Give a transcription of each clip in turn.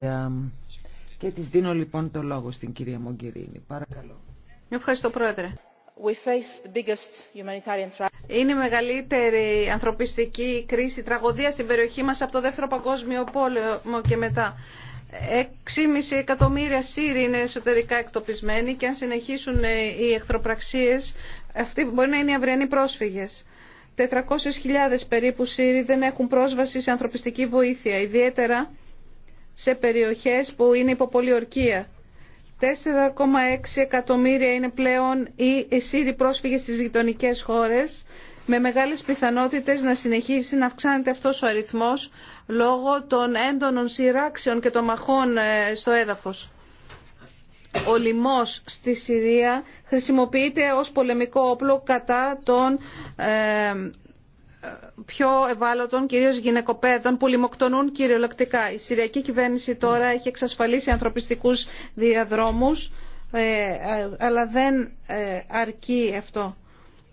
Ε, και της δίνω λοιπόν το λόγο στην κυρία Μογκυρίνη. Παρακαλώ. Ευχαριστώ Πρόεδρε. We face the biggest humanitarian... Είναι η μεγαλύτερη ανθρωπιστική κρίση, τραγωδία στην περιοχή μας από το Δεύτερο Παγκόσμιο Πόλεμο και μετά. 6,5 εκατομμύρια Σύριοι είναι εσωτερικά εκτοπισμένοι και αν συνεχίσουν ε, οι εχθροπραξίες, αυτοί μπορεί να είναι οι αυριανοί πρόσφυγες. 400.000 περίπου Σύριοι δεν έχουν πρόσβαση σε ανθρωπιστική βοήθεια, ιδιαίτερα σε περιοχές που είναι υποπολιορκία. 4,6 εκατομμύρια είναι πλέον οι Σύριοι πρόσφυγες στις γειτονικές χώρες με μεγάλες πιθανότητες να συνεχίσει να αυξάνεται αυτός ο αριθμός λόγω των έντονων σειράξεων και των μαχών ε, στο έδαφος. Ο λιμός στη Συρία χρησιμοποιείται ως πολεμικό όπλο κατά των ε, πιο ευάλωτων, κυρίως γυναικοπαίδων, που λιμοκτονούν κυριολεκτικά. Η Συριακή κυβέρνηση τώρα έχει εξασφαλίσει ανθρωπιστικούς διαδρόμους, ε, ε, αλλά δεν ε, αρκεί αυτό.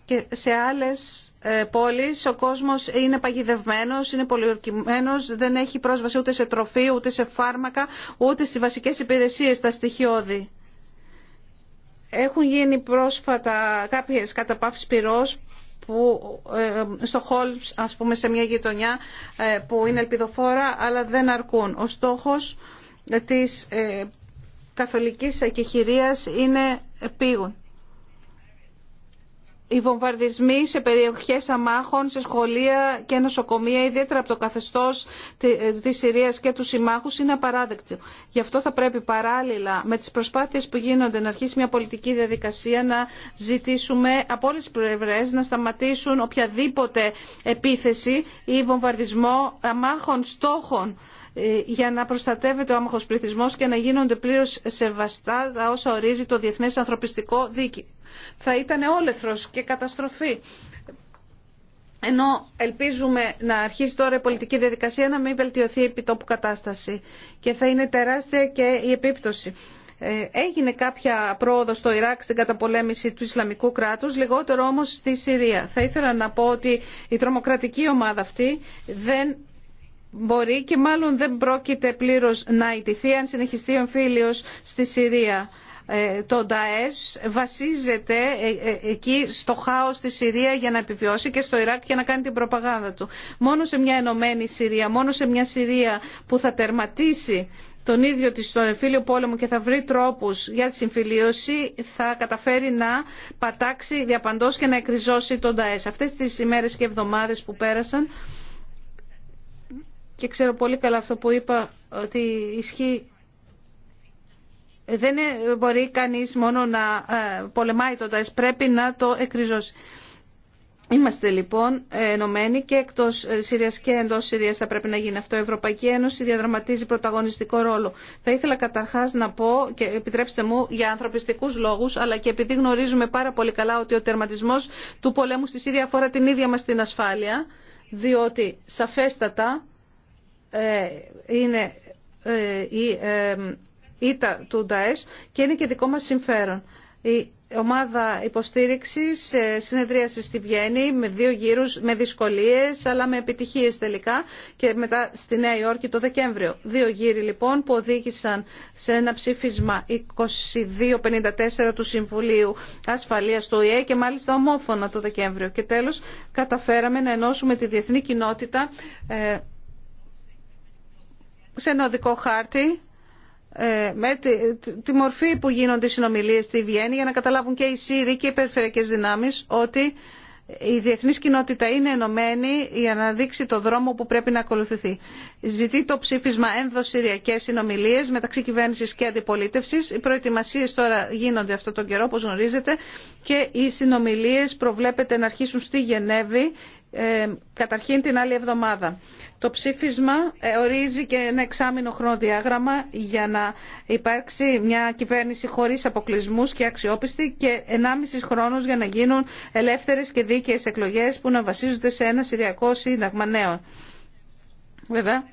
Και σε άλλες πόλεις ο κόσμος είναι παγιδευμένος, είναι πολιορκημένος, δεν έχει πρόσβαση ούτε σε τροφή, ούτε σε φάρμακα, ούτε στις βασικές υπηρεσίες, τα στοιχειώδη. Έχουν γίνει πρόσφατα κάποιες καταπαύσεις πυρός που ε, στο χολ, ας πούμε, σε μια γειτονιά ε, που είναι ελπιδοφόρα, αλλά δεν αρκούν. Ο στόχος ε, της καθολικής εκεχηρίας είναι επίγον οι βομβαρδισμοί σε περιοχές αμάχων, σε σχολεία και νοσοκομεία, ιδιαίτερα από το καθεστώς της Συρίας και του συμμάχους, είναι απαράδεκτο. Γι' αυτό θα πρέπει παράλληλα με τις προσπάθειες που γίνονται να αρχίσει μια πολιτική διαδικασία να ζητήσουμε από όλες τις πλευρές να σταματήσουν οποιαδήποτε επίθεση ή βομβαρδισμό αμάχων στόχων ε, για να προστατεύεται ο άμαχος πληθυσμός και να γίνονται πλήρως σεβαστά όσα ορίζει το Διεθνές Ανθρωπιστικό Δίκαιο θα ήταν όλεθρος και καταστροφή. Ενώ ελπίζουμε να αρχίσει τώρα η πολιτική διαδικασία να μην βελτιωθεί η επιτόπου κατάσταση και θα είναι τεράστια και η επίπτωση. Ε, έγινε κάποια πρόοδο στο Ιράκ στην καταπολέμηση του Ισλαμικού κράτους, λιγότερο όμως στη Συρία. Θα ήθελα να πω ότι η τρομοκρατική ομάδα αυτή δεν μπορεί και μάλλον δεν πρόκειται πλήρως να ιτηθεί αν συνεχιστεί ο στη Συρία. Ε, το ΝΤΑΕΣ βασίζεται ε, ε, εκεί στο χάος στη Συρία για να επιβιώσει και στο Ιράκ για να κάνει την προπαγάνδα του. Μόνο σε μια ενωμένη Συρία, μόνο σε μια Συρία που θα τερματίσει τον ίδιο της στον εμφύλιο πόλεμο και θα βρει τρόπους για τη συμφιλίωση θα καταφέρει να πατάξει διαπαντός και να εκριζώσει τον ΤΑΕΣ. Αυτές τις ημέρες και εβδομάδες που πέρασαν και ξέρω πολύ καλά αυτό που είπα ότι ισχύει δεν μπορεί κανείς μόνο να ε, πολεμάει το ΤΑΕΣ, πρέπει να το εκριζώσει. Είμαστε λοιπόν ενωμένοι και εκτός Συρίας και εντός Συρίας θα πρέπει να γίνει αυτό. Η Ευρωπαϊκή Ένωση διαδραματίζει πρωταγωνιστικό ρόλο. Θα ήθελα καταρχάς να πω, και επιτρέψτε μου, για ανθρωπιστικούς λόγους, αλλά και επειδή γνωρίζουμε πάρα πολύ καλά ότι ο τερματισμός του πολέμου στη Συρία αφορά την ίδια μας την ασφάλεια, διότι σαφέστατα ε, είναι ε, η ήτα του ΝΤΑΕΣ και είναι και δικό μας συμφέρον. Η ομάδα υποστήριξης ε, συνεδρίασε στη Βιέννη με δύο γύρους, με δυσκολίες αλλά με επιτυχίες τελικά και μετά στη Νέα Υόρκη το Δεκέμβριο. Δύο γύροι λοιπόν που οδήγησαν σε ένα ψήφισμα 2254 του Συμβουλίου Ασφαλείας του ΟΗΕ και μάλιστα ομόφωνα το Δεκέμβριο. Και τέλος καταφέραμε να ενώσουμε τη διεθνή κοινότητα ε, σε ένα οδικό χάρτη ε, με τη, μορφή που γίνονται οι συνομιλίες στη Βιέννη για να καταλάβουν και οι Σύριοι και οι περιφερειακές δυνάμεις ότι η διεθνή κοινότητα είναι ενωμένη για να δείξει το δρόμο που πρέπει να ακολουθηθεί. Ζητεί το ψήφισμα ενδοσυριακές συνομιλίες μεταξύ κυβέρνησης και αντιπολίτευσης. Οι προετοιμασίες τώρα γίνονται αυτόν τον καιρό, όπως γνωρίζετε, και οι συνομιλίες προβλέπεται να αρχίσουν στη Γενέβη ε, καταρχήν την άλλη εβδομάδα. Το ψήφισμα ε, ορίζει και ένα εξάμεινο χρονοδιάγραμμα για να υπάρξει μια κυβέρνηση χωρίς αποκλεισμούς και αξιόπιστη και ενάμιση χρόνος για να γίνουν ελεύθερες και δίκαιες εκλογές που να βασίζονται σε ένα Συριακό Σύνταγμα νέο. Βέβαια,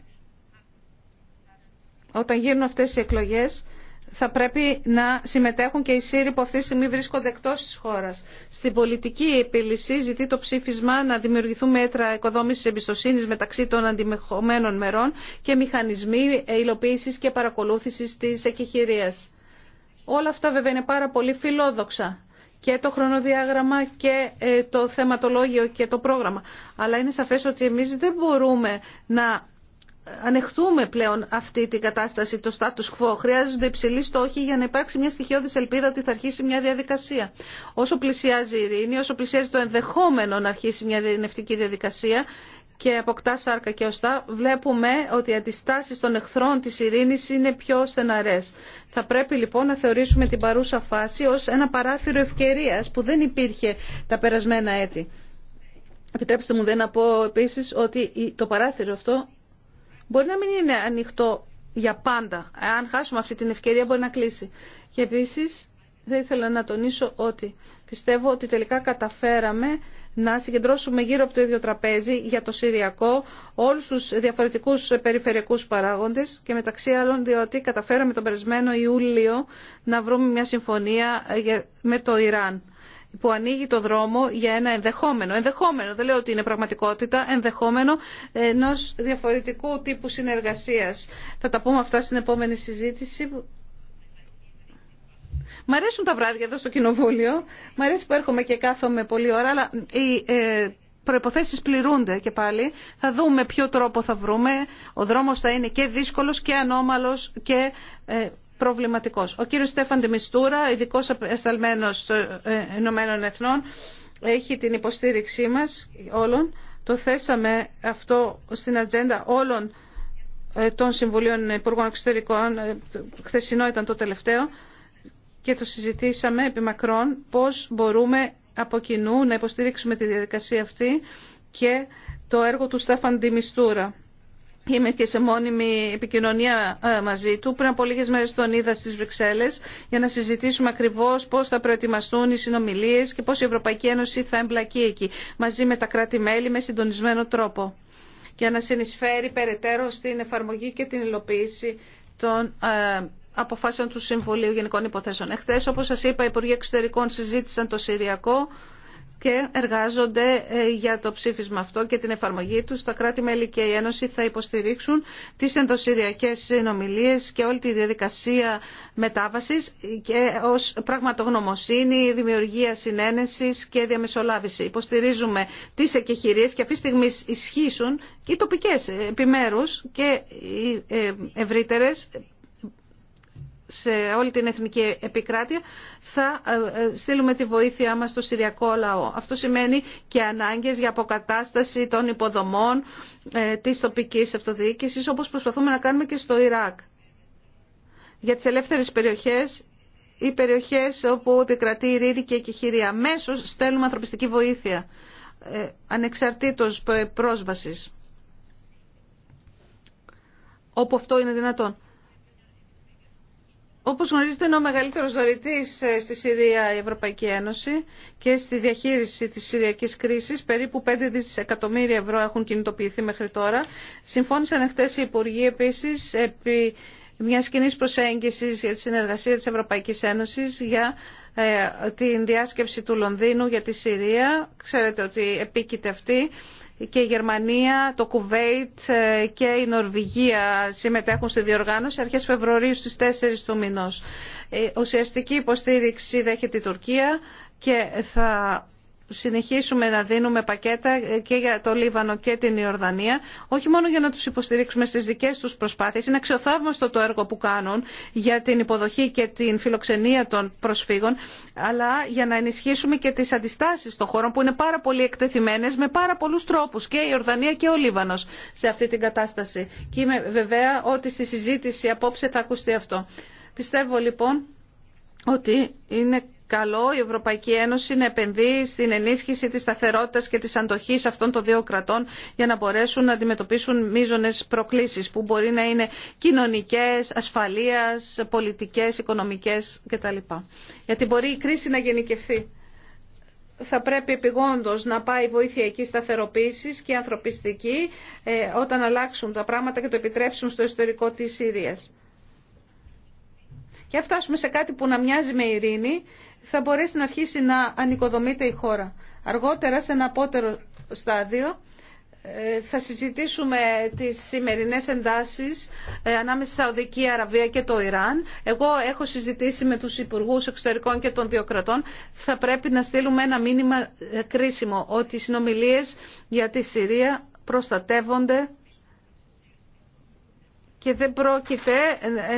όταν γίνουν αυτές οι εκλογές θα πρέπει να συμμετέχουν και οι Σύροι που αυτή τη στιγμή βρίσκονται εκτός της χώρας. Στην πολιτική επίλυση ζητεί το ψήφισμα να δημιουργηθούν μέτρα οικοδόμησης εμπιστοσύνης μεταξύ των αντιμεχωμένων μερών και μηχανισμοί υλοποίησης και παρακολούθησης της εκεχηρίας. Όλα αυτά βέβαια είναι πάρα πολύ φιλόδοξα και το χρονοδιάγραμμα και ε, το θεματολόγιο και το πρόγραμμα. Αλλά είναι σαφές ότι εμείς δεν μπορούμε να ανεχθούμε πλέον αυτή την κατάσταση, το status quo. Χρειάζονται υψηλοί στόχοι για να υπάρξει μια στοιχειώδη ελπίδα ότι θα αρχίσει μια διαδικασία. Όσο πλησιάζει η ειρήνη, όσο πλησιάζει το ενδεχόμενο να αρχίσει μια ειρηνευτική διαδικασία και αποκτά σάρκα και οστά, βλέπουμε ότι οι αντιστάσει των εχθρών τη ειρήνης είναι πιο στεναρέ. Θα πρέπει λοιπόν να θεωρήσουμε την παρούσα φάση ω ένα παράθυρο ευκαιρία που δεν υπήρχε τα περασμένα έτη. Επιτρέψτε μου δεν να πω επίση ότι το παράθυρο αυτό Μπορεί να μην είναι ανοιχτό για πάντα. Αν χάσουμε αυτή την ευκαιρία μπορεί να κλείσει. Και επίση θα ήθελα να τονίσω ότι πιστεύω ότι τελικά καταφέραμε να συγκεντρώσουμε γύρω από το ίδιο τραπέζι για το Συριακό όλους τους διαφορετικούς περιφερειακούς παράγοντες και μεταξύ άλλων διότι καταφέραμε τον περασμένο Ιούλιο να βρούμε μια συμφωνία με το Ιράν που ανοίγει το δρόμο για ένα ενδεχόμενο, ενδεχόμενο, δεν λέω ότι είναι πραγματικότητα, ενδεχόμενο ενό διαφορετικού τύπου συνεργασίας. Θα τα πούμε αυτά στην επόμενη συζήτηση. Μ' αρέσουν τα βράδια εδώ στο κοινοβούλιο, μ' αρέσει που έρχομαι και κάθομαι πολλή ώρα, αλλά οι ε, προϋποθέσεις πληρούνται και πάλι. Θα δούμε ποιο τρόπο θα βρούμε, ο δρόμο θα είναι και δύσκολο και ανώμαλο και... Ε, προβληματικός. Ο κύριος Στέφαν Τεμιστούρα, ειδικό απεσταλμένο των ε, Ηνωμένων Εθνών, έχει την υποστήριξή μας όλων. Το θέσαμε αυτό στην ατζέντα όλων ε, των Συμβουλίων Υπουργών Εξωτερικών, ε, χθεσινό ήταν το τελευταίο, και το συζητήσαμε επί μακρόν πώς μπορούμε από κοινού να υποστηρίξουμε τη διαδικασία αυτή και το έργο του Στέφαν Τιμιστούρα. Είμαι και σε μόνιμη επικοινωνία ε, μαζί του. Πριν από λίγε μέρε τον είδα στις Βρυξέλλες για να συζητήσουμε ακριβώς πώς θα προετοιμαστούν οι συνομιλίε και πώς η Ευρωπαϊκή Ένωση θα εμπλακεί εκεί μαζί με τα κράτη-μέλη με συντονισμένο τρόπο για να συνεισφέρει περαιτέρω στην εφαρμογή και την υλοποίηση των ε, αποφάσεων του Συμβουλίου Γενικών Υποθέσεων. Εχθέ, όπω σα είπα, οι Υπουργοί Εξωτερικών συζήτησαν το Συριακό και εργάζονται ε, για το ψήφισμα αυτό και την εφαρμογή του. Τα κράτη-μέλη και η Ένωση θα υποστηρίξουν τις ενδοσυριακές συνομιλίες και όλη τη διαδικασία μετάβασης και ως πραγματογνωμοσύνη, δημιουργία συνένεση και διαμεσολάβηση. Υποστηρίζουμε τις εκεχηρίε και αυτή τη στιγμή ισχύσουν οι τοπικέ ε, επιμέρους και οι ε, ευρύτερε σε όλη την εθνική επικράτεια θα ε, ε, στείλουμε τη βοήθειά μας στο Συριακό λαό. Αυτό σημαίνει και ανάγκες για αποκατάσταση των υποδομών ε, της τοπικής αυτοδιοίκησης όπως προσπαθούμε να κάνουμε και στο Ιράκ. Για τις ελεύθερες περιοχές ή περιοχές όπου επικρατεί η Ρήρη και η μέσω στέλνουμε ανθρωπιστική βοήθεια, ανεξαρτήτως πρόσβασης, όπου αυτό είναι δυνατόν. Όπως γνωρίζετε είναι ο μεγαλύτερος δωρητής ε, στη Συρία η Ευρωπαϊκή Ένωση και στη διαχείριση της Συριακής κρίσης περίπου 5 δισεκατομμύρια ευρώ έχουν κινητοποιηθεί μέχρι τώρα. Συμφώνησαν χτες οι Υπουργοί επίσης επί μια κοινή προσέγγιση για τη συνεργασία της Ευρωπαϊκής Ένωσης για ε, την διάσκεψη του Λονδίνου για τη Συρία. Ξέρετε ότι επίκειται αυτή και η Γερμανία, το Κουβέιτ ε, και η Νορβηγία συμμετέχουν στη διοργάνωση αρχές Φεβρουαρίου στις 4 του μηνός. Ε, ουσιαστική υποστήριξη δέχεται η Τουρκία και θα συνεχίσουμε να δίνουμε πακέτα και για το Λίβανο και την Ιορδανία, όχι μόνο για να τους υποστηρίξουμε στις δικές τους προσπάθειες. Είναι αξιοθαύμαστο το έργο που κάνουν για την υποδοχή και την φιλοξενία των προσφύγων, αλλά για να ενισχύσουμε και τις αντιστάσεις των χώρων που είναι πάρα πολύ εκτεθειμένες με πάρα πολλούς τρόπους και η Ιορδανία και ο Λίβανος σε αυτή την κατάσταση. Και είμαι βεβαία ότι στη συζήτηση απόψε θα ακουστεί αυτό. Πιστεύω λοιπόν ότι είναι καλό η Ευρωπαϊκή Ένωση να επενδύει στην ενίσχυση της σταθερότητας και της αντοχής αυτών των δύο κρατών για να μπορέσουν να αντιμετωπίσουν μείζονες προκλήσεις που μπορεί να είναι κοινωνικές, ασφαλείας, πολιτικές, οικονομικές κτλ. Γιατί μπορεί η κρίση να γενικευθεί. Θα πρέπει επιγόντως να πάει βοήθεια εκεί σταθεροποίησης και ανθρωπιστική ε, όταν αλλάξουν τα πράγματα και το επιτρέψουν στο ιστορικό της Συρίας και αν φτάσουμε σε κάτι που να μοιάζει με ειρήνη, θα μπορέσει να αρχίσει να ανοικοδομείται η χώρα. Αργότερα, σε ένα απότερο στάδιο, ε, θα συζητήσουμε τις σημερινές εντάσεις ε, ανάμεσα στη Σαουδική Αραβία και το Ιράν. Εγώ έχω συζητήσει με τους Υπουργούς Εξωτερικών και των δύο Θα πρέπει να στείλουμε ένα μήνυμα ε, κρίσιμο ότι οι συνομιλίες για τη Συρία προστατεύονται και δεν πρόκειται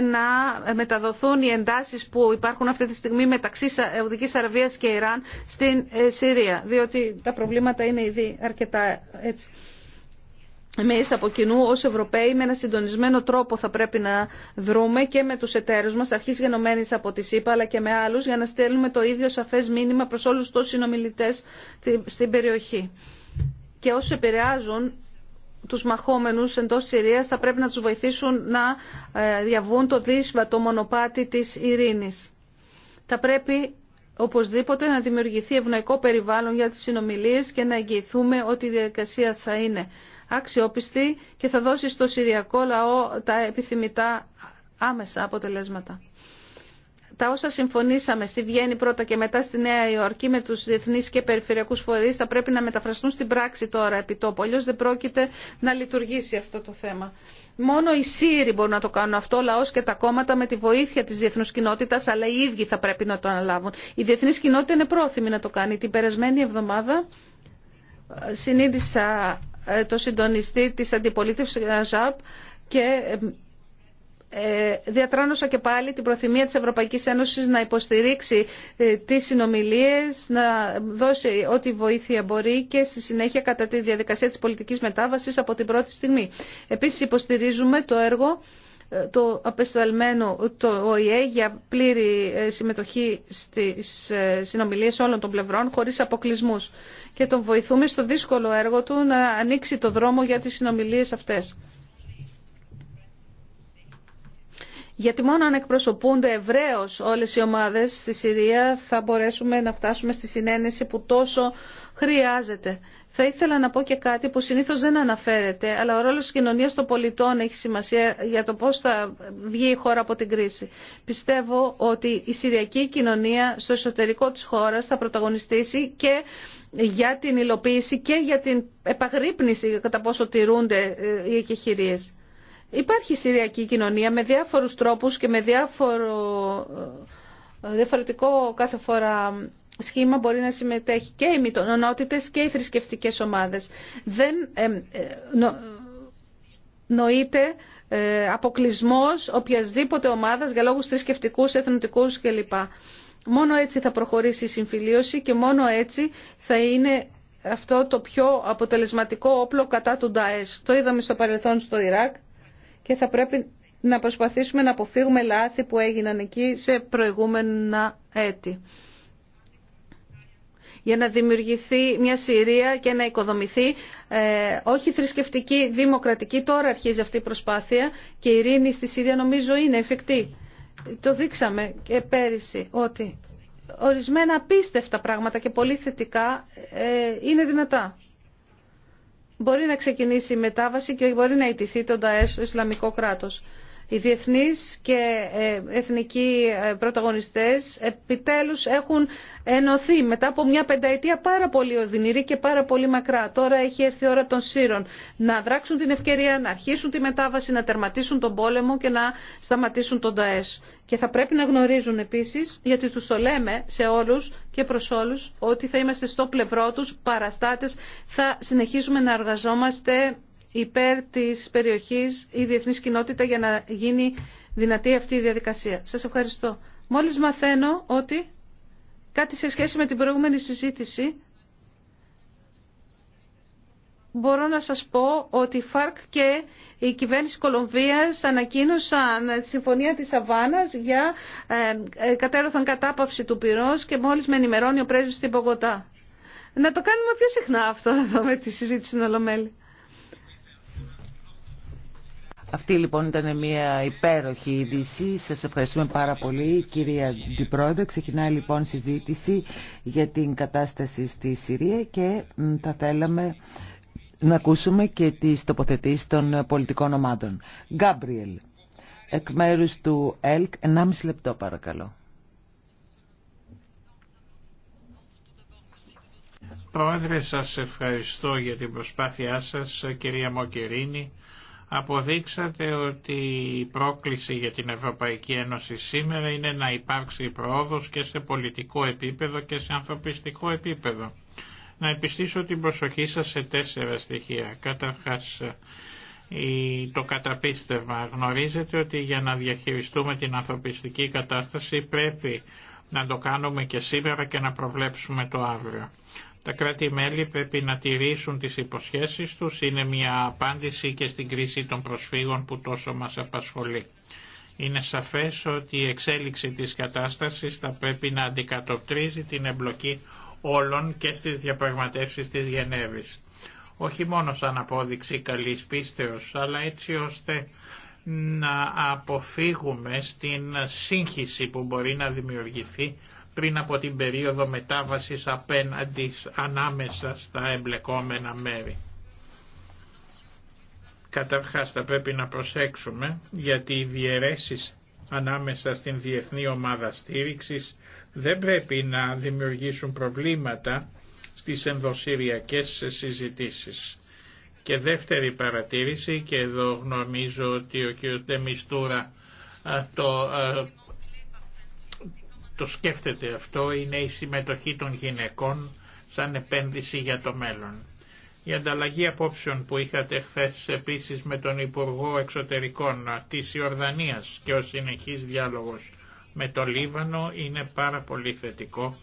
να μεταδοθούν οι εντάσει που υπάρχουν αυτή τη στιγμή μεταξύ Σαουδική Αραβία και Ιράν στην ε, Συρία, διότι τα προβλήματα είναι ήδη αρκετά έτσι. Εμεί από κοινού ω Ευρωπαίοι με ένα συντονισμένο τρόπο θα πρέπει να δρούμε και με του εταίρους μα, αρχή γενομένη από τη ΣΥΠΑ αλλά και με άλλου, για να στέλνουμε το ίδιο σαφέ μήνυμα προ όλου του συνομιλητέ στην περιοχή. Και όσοι επηρεάζουν τους μαχόμενους εντός Συρίας θα πρέπει να τους βοηθήσουν να ε, διαβούν το δύσβατο το μονοπάτι της ειρήνης. Θα πρέπει οπωσδήποτε να δημιουργηθεί ευνοϊκό περιβάλλον για τις συνομιλίες και να εγγυηθούμε ότι η διαδικασία θα είναι αξιόπιστη και θα δώσει στο Συριακό λαό τα επιθυμητά άμεσα αποτελέσματα τα όσα συμφωνήσαμε στη Βιέννη πρώτα και μετά στη Νέα Υόρκη με του διεθνεί και περιφερειακού φορεί, θα πρέπει να μεταφραστούν στην πράξη τώρα επί τόπου. Αλλιώ δεν πρόκειται να λειτουργήσει αυτό το θέμα. Μόνο οι ΣΥΡΙ μπορούν να το κάνουν αυτό, ο λαός και τα κόμματα με τη βοήθεια τη διεθνού κοινότητα, αλλά οι ίδιοι θα πρέπει να το αναλάβουν. Η διεθνή κοινότητα είναι πρόθυμη να το κάνει. Την περασμένη εβδομάδα ε, συνείδησα ε, το συντονιστή της αντιπολίτευσης ΑΖΑΠ και ε, ε, διατράνωσα και πάλι την προθυμία της Ευρωπαϊκής Ένωσης να υποστηρίξει ε, τις συνομιλίες, να δώσει ό,τι βοήθεια μπορεί και στη συνέχεια κατά τη διαδικασία της πολιτικής μετάβασης από την πρώτη στιγμή. Επίσης υποστηρίζουμε το έργο ε, του απεσταλμένου το ΟΗΕ για πλήρη συμμετοχή στις συνομιλίες όλων των πλευρών χωρίς αποκλεισμούς και τον βοηθούμε στο δύσκολο έργο του να ανοίξει το δρόμο για τις συνομιλίες αυτές. γιατί μόνο αν εκπροσωπούνται ευρέω όλες οι ομάδες στη Συρία θα μπορέσουμε να φτάσουμε στη συνένεση που τόσο χρειάζεται. Θα ήθελα να πω και κάτι που συνήθως δεν αναφέρεται, αλλά ο ρόλος της κοινωνίας των πολιτών έχει σημασία για το πώς θα βγει η χώρα από την κρίση. Πιστεύω ότι η Συριακή κοινωνία στο εσωτερικό της χώρας θα πρωταγωνιστήσει και για την υλοποίηση και για την επαγρύπνηση κατά πόσο τηρούνται ε, οι εκεχηρίες. Υπάρχει η Συριακή κοινωνία με διάφορους τρόπους και με διάφορο, ε, διαφορετικό κάθε φορά σχήμα μπορεί να συμμετέχει και οι μητονότητες και οι θρησκευτικέ ομάδες. Δεν ε, ε, νο, νοείται ε, οποιασδήποτε ομάδας για λόγους θρησκευτικούς, εθνοτικούς κλπ. Μόνο έτσι θα προχωρήσει η συμφιλίωση και μόνο έτσι θα είναι αυτό το πιο αποτελεσματικό όπλο κατά του Νταές. Το είδαμε στο παρελθόν στο Ιράκ και θα πρέπει να προσπαθήσουμε να αποφύγουμε λάθη που έγιναν εκεί σε προηγούμενα έτη. Για να δημιουργηθεί μια Συρία και να οικοδομηθεί ε, όχι θρησκευτική, δημοκρατική. Τώρα αρχίζει αυτή η προσπάθεια και η ειρήνη στη Συρία νομίζω είναι εφικτή. Το δείξαμε και πέρυσι ότι ορισμένα απίστευτα πράγματα και πολύ θετικά ε, είναι δυνατά μπορεί να ξεκινήσει η μετάβαση και μπορεί να ιτηθεί το ΝΤΑΕΣ Ισλαμικό κράτος οι διεθνείς και ε, εθνικοί ε, πρωταγωνιστές επιτέλους έχουν ενωθεί μετά από μια πενταετία πάρα πολύ οδυνηρή και πάρα πολύ μακρά. Τώρα έχει έρθει η ώρα των σύρων να δράξουν την ευκαιρία, να αρχίσουν τη μετάβαση, να τερματίσουν τον πόλεμο και να σταματήσουν τον ΤΑΕΣ. Και θα πρέπει να γνωρίζουν επίσης, γιατί τους το λέμε σε όλους και προς όλους, ότι θα είμαστε στο πλευρό τους παραστάτες, θα συνεχίσουμε να εργαζόμαστε υπέρ της περιοχής η διεθνής κοινότητα για να γίνει δυνατή αυτή η διαδικασία. Σας ευχαριστώ. Μόλις μαθαίνω ότι κάτι σε σχέση με την προηγούμενη συζήτηση μπορώ να σας πω ότι η ΦΑΡΚ και η κυβέρνηση Κολομβίας ανακοίνωσαν τη συμφωνία της Αβάνας για ε, ε, κατέρωθαν κατάπαυση του πυρός και μόλις με ενημερώνει ο πρέσβης στην Πογωτά. Να το κάνουμε πιο συχνά αυτό εδώ με τη συζήτηση στην Ολομέλη. Αυτή λοιπόν ήταν μια υπέροχη είδηση. Σας ευχαριστούμε πάρα πολύ κυρία Αντιπρόεδρε. Ξεκινάει λοιπόν συζήτηση για την κατάσταση στη Συρία και θα θέλαμε να ακούσουμε και τις τοποθετήσεις των πολιτικών ομάδων. Γκάμπριελ, εκ μέρους του ΕΛΚ, 1,5 λεπτό παρακαλώ. Πρόεδρε, σας ευχαριστώ για την προσπάθειά σας, κυρία Μοκερίνη αποδείξατε ότι η πρόκληση για την Ευρωπαϊκή Ένωση σήμερα είναι να υπάρξει προόδος και σε πολιτικό επίπεδο και σε ανθρωπιστικό επίπεδο. Να επιστήσω την προσοχή σας σε τέσσερα στοιχεία. Καταρχάς, το καταπίστευμα. Γνωρίζετε ότι για να διαχειριστούμε την ανθρωπιστική κατάσταση πρέπει να το κάνουμε και σήμερα και να προβλέψουμε το αύριο. Τα κράτη-μέλη πρέπει να τηρήσουν τις υποσχέσεις τους, είναι μια απάντηση και στην κρίση των προσφύγων που τόσο μας απασχολεί. Είναι σαφές ότι η εξέλιξη της κατάστασης θα πρέπει να αντικατοπτρίζει την εμπλοκή όλων και στις διαπραγματεύσεις της Γενέβης. Όχι μόνο σαν απόδειξη καλής πίστεως, αλλά έτσι ώστε να αποφύγουμε στην σύγχυση που μπορεί να δημιουργηθεί πριν από την περίοδο μετάβασης απέναντι ανάμεσα στα εμπλεκόμενα μέρη. Καταρχάς θα πρέπει να προσέξουμε γιατί οι διαιρέσεις ανάμεσα στην Διεθνή Ομάδα Στήριξης δεν πρέπει να δημιουργήσουν προβλήματα στις ενδοσυριακές συζητήσεις. Και δεύτερη παρατήρηση, και εδώ γνωρίζω ότι ο κ. Τεμιστούρα το το σκέφτεται αυτό είναι η συμμετοχή των γυναικών σαν επένδυση για το μέλλον. Η ανταλλαγή απόψεων που είχατε χθε επίσης με τον Υπουργό Εξωτερικών της Ιορδανίας και ο συνεχής διάλογος με το Λίβανο είναι πάρα πολύ θετικό.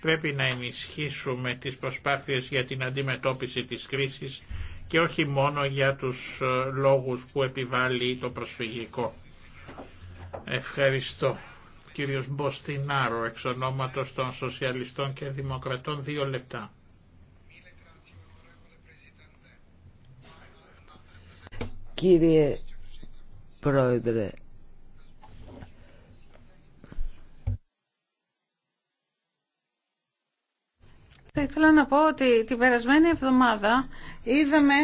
Πρέπει να ενισχύσουμε τις προσπάθειες για την αντιμετώπιση της κρίσης και όχι μόνο για τους ε, λόγους που επιβάλλει το προσφυγικό. Ευχαριστώ κύριος Μποστινάρο, εξ ονόματος των Σοσιαλιστών και Δημοκρατών, δύο λεπτά. Κύριε Πρόεδρε, Θα ήθελα να πω ότι την περασμένη εβδομάδα είδαμε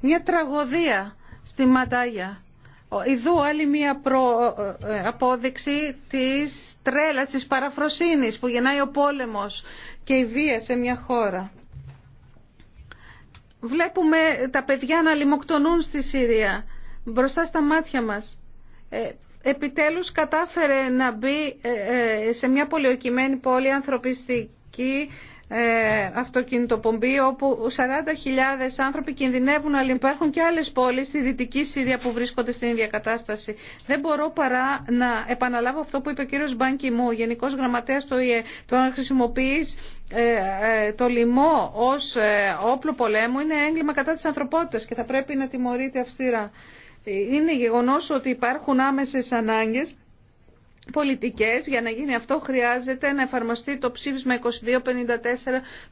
μια τραγωδία στη Μαντάγια Ιδού άλλη μία ε, απόδειξη της τρέλας, της παραφροσύνης που γεννάει ο πόλεμος και η βία σε μια χώρα. Βλέπουμε τα παιδιά να λιμοκτονούν στη Συρία μπροστά στα μάτια μας. Ε, επιτέλους κατάφερε να μπει ε, σε μια πολιορκημένη πόλη ανθρωπιστική ε, αυτοκινητοπομπή όπου 40.000 άνθρωποι κινδυνεύουν αλλά υπάρχουν και άλλες πόλεις στη Δυτική Συρία που βρίσκονται στην ίδια κατάσταση. Δεν μπορώ παρά να επαναλάβω αυτό που είπε ο κύριος Μπάνκι Μου, Γενικός Γραμματέας του ΙΕ, το να χρησιμοποιείς ε, ε, το λοιμό ως όπλο πολέμου είναι έγκλημα κατά της ανθρωπότητας και θα πρέπει να τιμωρείται αυστηρά. Είναι γεγονός ότι υπάρχουν άμεσες ανάγκες πολιτικές. Για να γίνει αυτό χρειάζεται να εφαρμοστεί το ψήφισμα 2254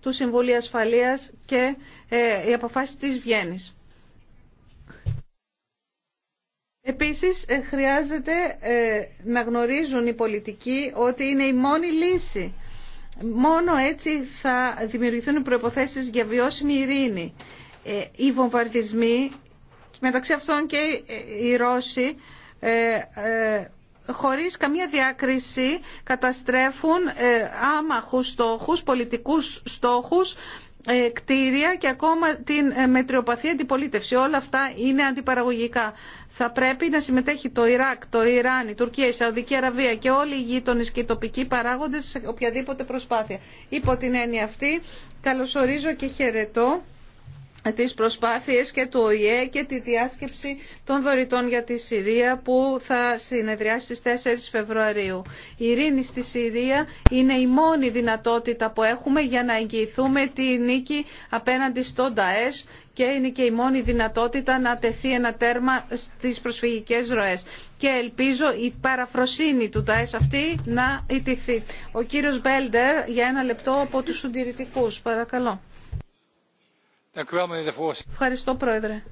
του Συμβουλίου Ασφαλείας και η ε, αποφάση της Βιέννης. Επίσης, ε, χρειάζεται ε, να γνωρίζουν οι πολιτικοί ότι είναι η μόνη λύση. Μόνο έτσι θα δημιουργηθούν οι προϋποθέσεις για βιώσιμη ειρήνη. Οι βομβαρδισμοί, μεταξύ αυτών και οι Ρώσοι, χωρίς καμία διάκριση καταστρέφουν ε, άμαχους στόχους, πολιτικούς στόχους, ε, κτίρια και ακόμα την ε, μετριοπαθή αντιπολίτευση. Όλα αυτά είναι αντιπαραγωγικά. Θα πρέπει να συμμετέχει το Ιράκ, το Ιράν, η Τουρκία, η Σαουδική Αραβία και όλοι οι γείτονε και οι τοπικοί παράγοντες σε οποιαδήποτε προσπάθεια. Υπό την έννοια αυτή, καλωσορίζω και χαιρετώ τις προσπάθειες και του ΟΗΕ και τη διάσκεψη των δωρητών για τη Συρία που θα συνεδριάσει στις 4 Φεβρουαρίου. Η ειρήνη στη Συρία είναι η μόνη δυνατότητα που έχουμε για να εγγυηθούμε τη νίκη απέναντι στον ΤΑΕΣ και είναι και η μόνη δυνατότητα να τεθεί ένα τέρμα στις προσφυγικές ροές. Και ελπίζω η παραφροσύνη του ΤΑΕΣ αυτή να ιτηθεί. Ο κύριος Μπέλντερ για ένα λεπτό από τους συντηρητικούς. Παρακαλώ. Ευχαριστώ, Πρόεδρε.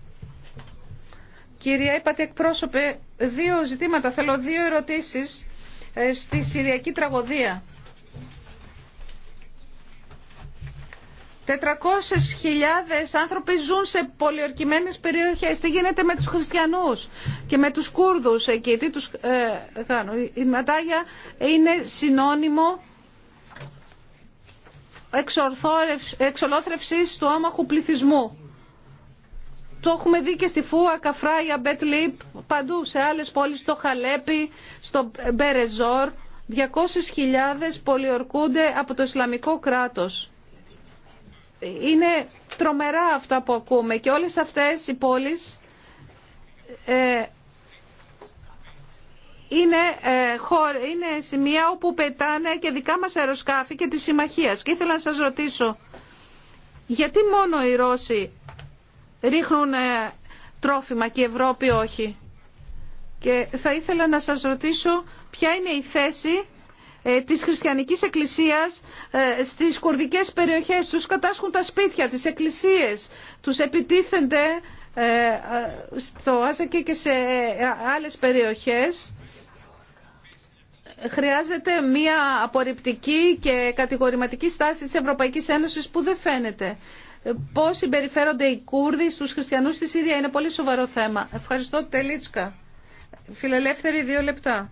Κυρία, είπατε εκπρόσωπε, δύο ζητήματα. Θέλω δύο ερωτήσεις ε, στη Συριακή τραγωδία. 400.000 άνθρωποι ζουν σε πολιορκημένες περιοχές. Τι γίνεται με τους χριστιανούς και με τους Κούρδους εκεί. τους ε, Η Ματάγια είναι συνώνυμο εξολόθρευσης του άμαχου πληθυσμού. Το έχουμε δει και στη Φούα, Καφράια, Λιπ, παντού σε άλλες πόλεις, στο Χαλέπι, στο Μπερεζόρ. 200.000 πολιορκούνται από το Ισλαμικό κράτος. Είναι τρομερά αυτά που ακούμε και όλες αυτές οι πόλεις ε, είναι, ε, είναι σημεία όπου πετάνε και δικά μας αεροσκάφη και τη συμμαχία. Και ήθελα να σας ρωτήσω, γιατί μόνο οι Ρώσοι ρίχνουν ε, τρόφιμα και η Ευρώπη όχι. Και θα ήθελα να σας ρωτήσω ποια είναι η θέση ε, της χριστιανικής εκκλησίας ε, στις κουρδικές περιοχές. Τους κατάσχουν τα σπίτια, τις εκκλησίες, τους επιτίθενται ε, στο Άζακε και σε άλλες περιοχές χρειάζεται μια απορριπτική και κατηγορηματική στάση της Ευρωπαϊκής Ένωσης που δεν φαίνεται. Πώς συμπεριφέρονται οι Κούρδοι στους χριστιανούς στη Συρία είναι πολύ σοβαρό θέμα. Ευχαριστώ Τελίτσκα. Φιλελεύθερη δύο λεπτά.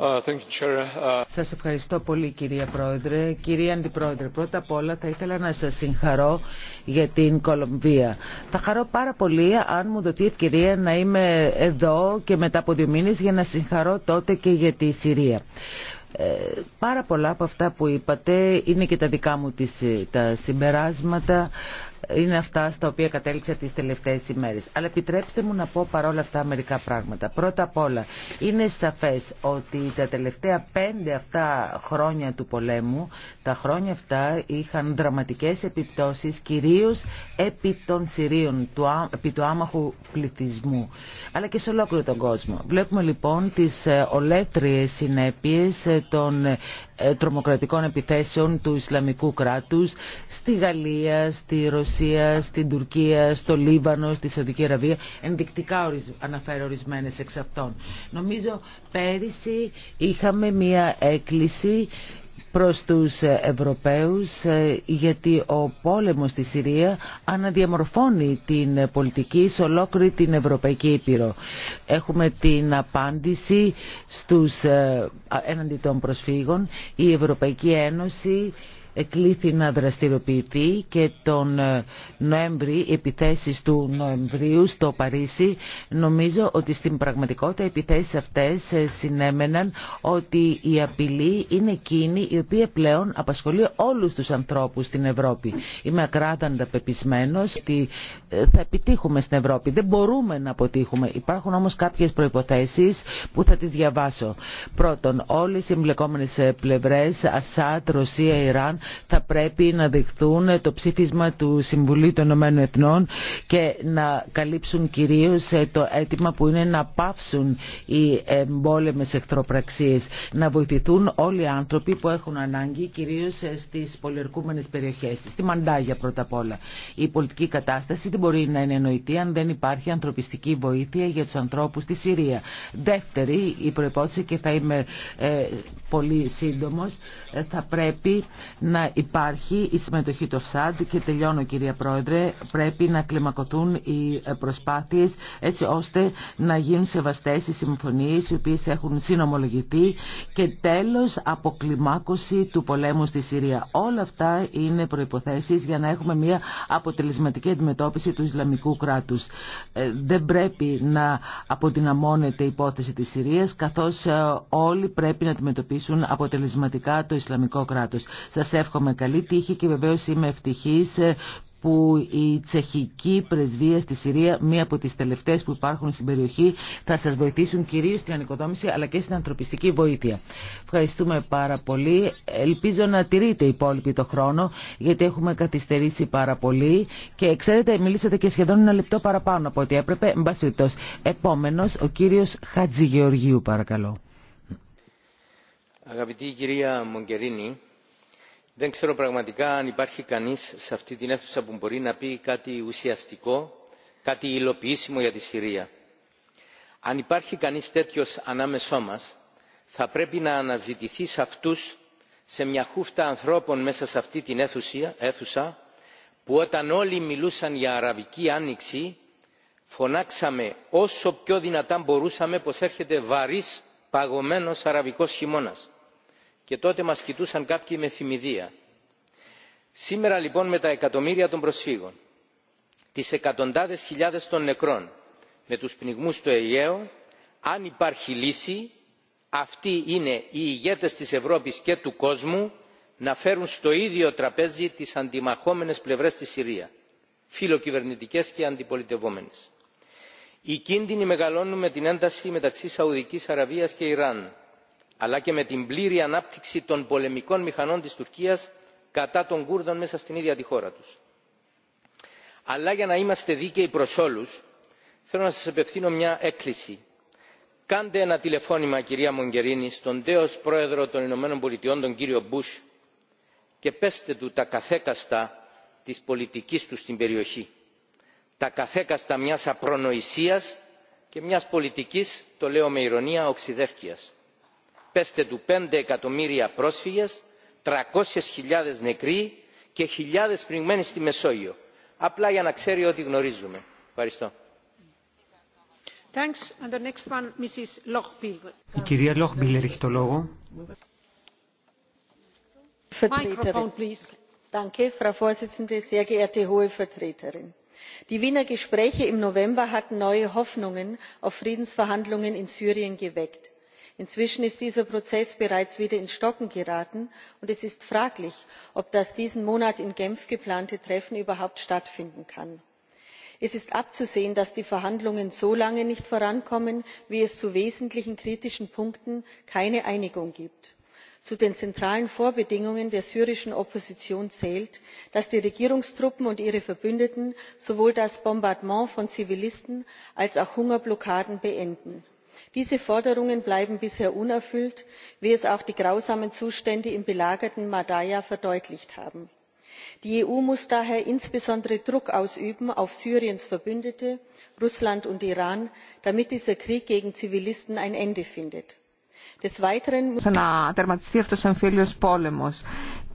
Uh, uh, σας ευχαριστώ πολύ κυρία Πρόεδρε. Κυρία Αντιπρόεδρε, πρώτα απ' όλα θα ήθελα να σας συγχαρώ για την Κολομβία. Θα χαρώ πάρα πολύ αν μου δοθεί ευκαιρία να είμαι εδώ και μετά από δύο μήνες για να συγχαρώ τότε και για τη Συρία. Ε, πάρα πολλά από αυτά που είπατε είναι και τα δικά μου τα συμπεράσματα είναι αυτά στα οποία κατέληξα τις τελευταίες ημέρες. Αλλά επιτρέψτε μου να πω παρόλα αυτά μερικά πράγματα. Πρώτα απ' όλα, είναι σαφές ότι τα τελευταία πέντε αυτά χρόνια του πολέμου, τα χρόνια αυτά είχαν δραματικές επιπτώσεις, κυρίως επί των Συρίων, επί του άμαχου πληθυσμού, αλλά και σε ολόκληρο τον κόσμο. Βλέπουμε λοιπόν τις ε, ολέτριες συνέπειες ε, των ε, τρομοκρατικών επιθέσεων του Ισλαμικού κράτους στη Γαλλία, στη Ρωσία, Ρωσία, στην Τουρκία, στο Λίβανο, στη Σαουδική Αραβία. Ενδεικτικά αναφέρω ορισμένε εξ αυτών. Νομίζω πέρυσι είχαμε μία έκκληση προς τους Ευρωπαίους ε, γιατί ο πόλεμος στη Συρία αναδιαμορφώνει την πολιτική σε ολόκληρη την Ευρωπαϊκή Ήπειρο. Έχουμε την απάντηση στους ε, έναντι των προσφύγων. Η Ευρωπαϊκή Ένωση εκλήθη να δραστηριοποιηθεί και τον ε, Νοέμβρη, οι επιθέσεις του Νοεμβρίου στο Παρίσι, νομίζω ότι στην πραγματικότητα οι επιθέσεις αυτές ε, συνέμεναν ότι η απειλή είναι εκείνη η οποία πλέον απασχολεί όλους τους ανθρώπους στην Ευρώπη. Είμαι ακράδαντα πεπισμένος ότι ε, θα επιτύχουμε στην Ευρώπη. Δεν μπορούμε να αποτύχουμε. Υπάρχουν όμως κάποιες προϋποθέσεις που θα τις διαβάσω. Πρώτον, όλες οι εμπλεκόμενες πλευρές, Ασάτ, Ρωσία, Ιράν, θα πρέπει να δεχθούν το ψήφισμα του Συμβουλίου των Ηνωμένων Εθνών και να καλύψουν κυρίως ε, το αίτημα που είναι να πάυσουν οι εμπόλεμες εχθροπραξίες, να βοηθηθούν όλοι οι άνθρωποι που έχουν ανάγκη κυρίως ε, στις πολιορκούμενες περιοχές, στη Μαντάγια πρώτα απ' όλα. Η πολιτική κατάσταση δεν μπορεί να είναι εννοητή αν δεν υπάρχει ανθρωπιστική βοήθεια για τους ανθρώπους στη Συρία. Δεύτερη, η προπόθεση και θα είμαι ε, πολύ θα πρέπει να υπάρχει η συμμετοχή του ΦΣΑΤ και τελειώνω κυρία Πρόεδρε, πρέπει να κλιμακωθούν οι προσπάθειες έτσι ώστε να γίνουν σεβαστές οι συμφωνίες οι οποίες έχουν συνομολογηθεί και τέλος αποκλιμάκωση του πολέμου στη Συρία. Όλα αυτά είναι προϋποθέσεις για να έχουμε μια αποτελεσματική αντιμετώπιση του Ισλαμικού κράτους. Ε, δεν πρέπει να αποδυναμώνεται η υπόθεση της Συρίας καθώς ε, όλοι πρέπει να αντιμετωπίσουν αποτελεσματικά το Ισλαμικό κράτος εύχομαι καλή τύχη και βεβαίως είμαι ευτυχής που η τσεχική πρεσβεία στη Συρία, μία από τις τελευταίες που υπάρχουν στην περιοχή, θα σας βοηθήσουν κυρίως στην ανοικοδόμηση αλλά και στην ανθρωπιστική βοήθεια. Ευχαριστούμε πάρα πολύ. Ελπίζω να τηρείτε υπόλοιποι το χρόνο, γιατί έχουμε καθυστερήσει πάρα πολύ και ξέρετε, μιλήσατε και σχεδόν ένα λεπτό παραπάνω από ό,τι έπρεπε. Επόμενο, Επόμενος, ο κύριος Χατζηγεωργίου, παρακαλώ. Αγαπητή κυρία Μογκερίνη, δεν ξέρω πραγματικά αν υπάρχει κανείς σε αυτή την αίθουσα που μπορεί να πει κάτι ουσιαστικό, κάτι υλοποιήσιμο για τη Συρία. Αν υπάρχει κανείς τέτοιος ανάμεσό μας, θα πρέπει να αναζητηθεί σε αυτούς σε μια χούφτα ανθρώπων μέσα σε αυτή την αίθουσα που όταν όλοι μιλούσαν για αραβική άνοιξη φωνάξαμε όσο πιο δυνατά μπορούσαμε πως έρχεται βαρύς παγωμένος αραβικός χειμώνας και τότε μας κοιτούσαν κάποιοι με θυμηδία. Σήμερα λοιπόν με τα εκατομμύρια των προσφύγων, τις εκατοντάδες χιλιάδες των νεκρών, με τους πνιγμούς στο Αιγαίο, αν υπάρχει λύση, αυτοί είναι οι ηγέτες της Ευρώπης και του κόσμου να φέρουν στο ίδιο τραπέζι τις αντιμαχόμενες πλευρές στη Συρία, φιλοκυβερνητικές και αντιπολιτευόμενες. Οι κίνδυνοι μεγαλώνουν με την ένταση μεταξύ Σαουδικής Αραβίας και Ιράν αλλά και με την πλήρη ανάπτυξη των πολεμικών μηχανών της τουρκίας κατά των κούρδων μέσα στην ίδια τη χώρα τους. αλλά για να είμαστε δίκαιοι προς όλους θέλω να σας απευθύνω μια έκκληση. κάντε ένα τηλεφώνημα κυρία μογκερίνη στον τέως πρόεδρο των ηνωμένων πολιτειών τον κύριο μπούς και πέστε του τα καθέκαστα της πολιτικής του στην περιοχή τα καθέκαστα μιας απρονοησίας και μιας πολιτικής το λέω με ηρωνία οξυδέρκειας πέστε του πέντε εκατομμύρια πρόσφυγες τριακόσιες χιλιάδες νεκροί και χιλιάδες πνιγμένοι στη μεσόγειο. απλά για να ξέρει ότι γνωρίζουμε. ευχαριστώ. And the next one, Mrs. Η κυρία Λόχμπιλερ έχει το λόγο. Frau Vorsitzende, sehr geehrte Hohe Vertreterin! Die Wiener Gespräche im November hatten neue Hoffnungen auf Friedensverhandlungen in Syrien geweckt inzwischen ist dieser prozess bereits wieder ins stocken geraten und es ist fraglich ob das diesen monat in genf geplante treffen überhaupt stattfinden kann. es ist abzusehen dass die verhandlungen so lange nicht vorankommen wie es zu wesentlichen kritischen punkten keine einigung gibt. zu den zentralen vorbedingungen der syrischen opposition zählt dass die regierungstruppen und ihre verbündeten sowohl das bombardement von zivilisten als auch hungerblockaden beenden diese forderungen bleiben bisher unerfüllt wie es auch die grausamen zustände im belagerten madaya verdeutlicht haben. die eu muss daher insbesondere druck ausüben auf syriens verbündete russland und iran damit dieser krieg gegen zivilisten ein ende findet. des weiteren muss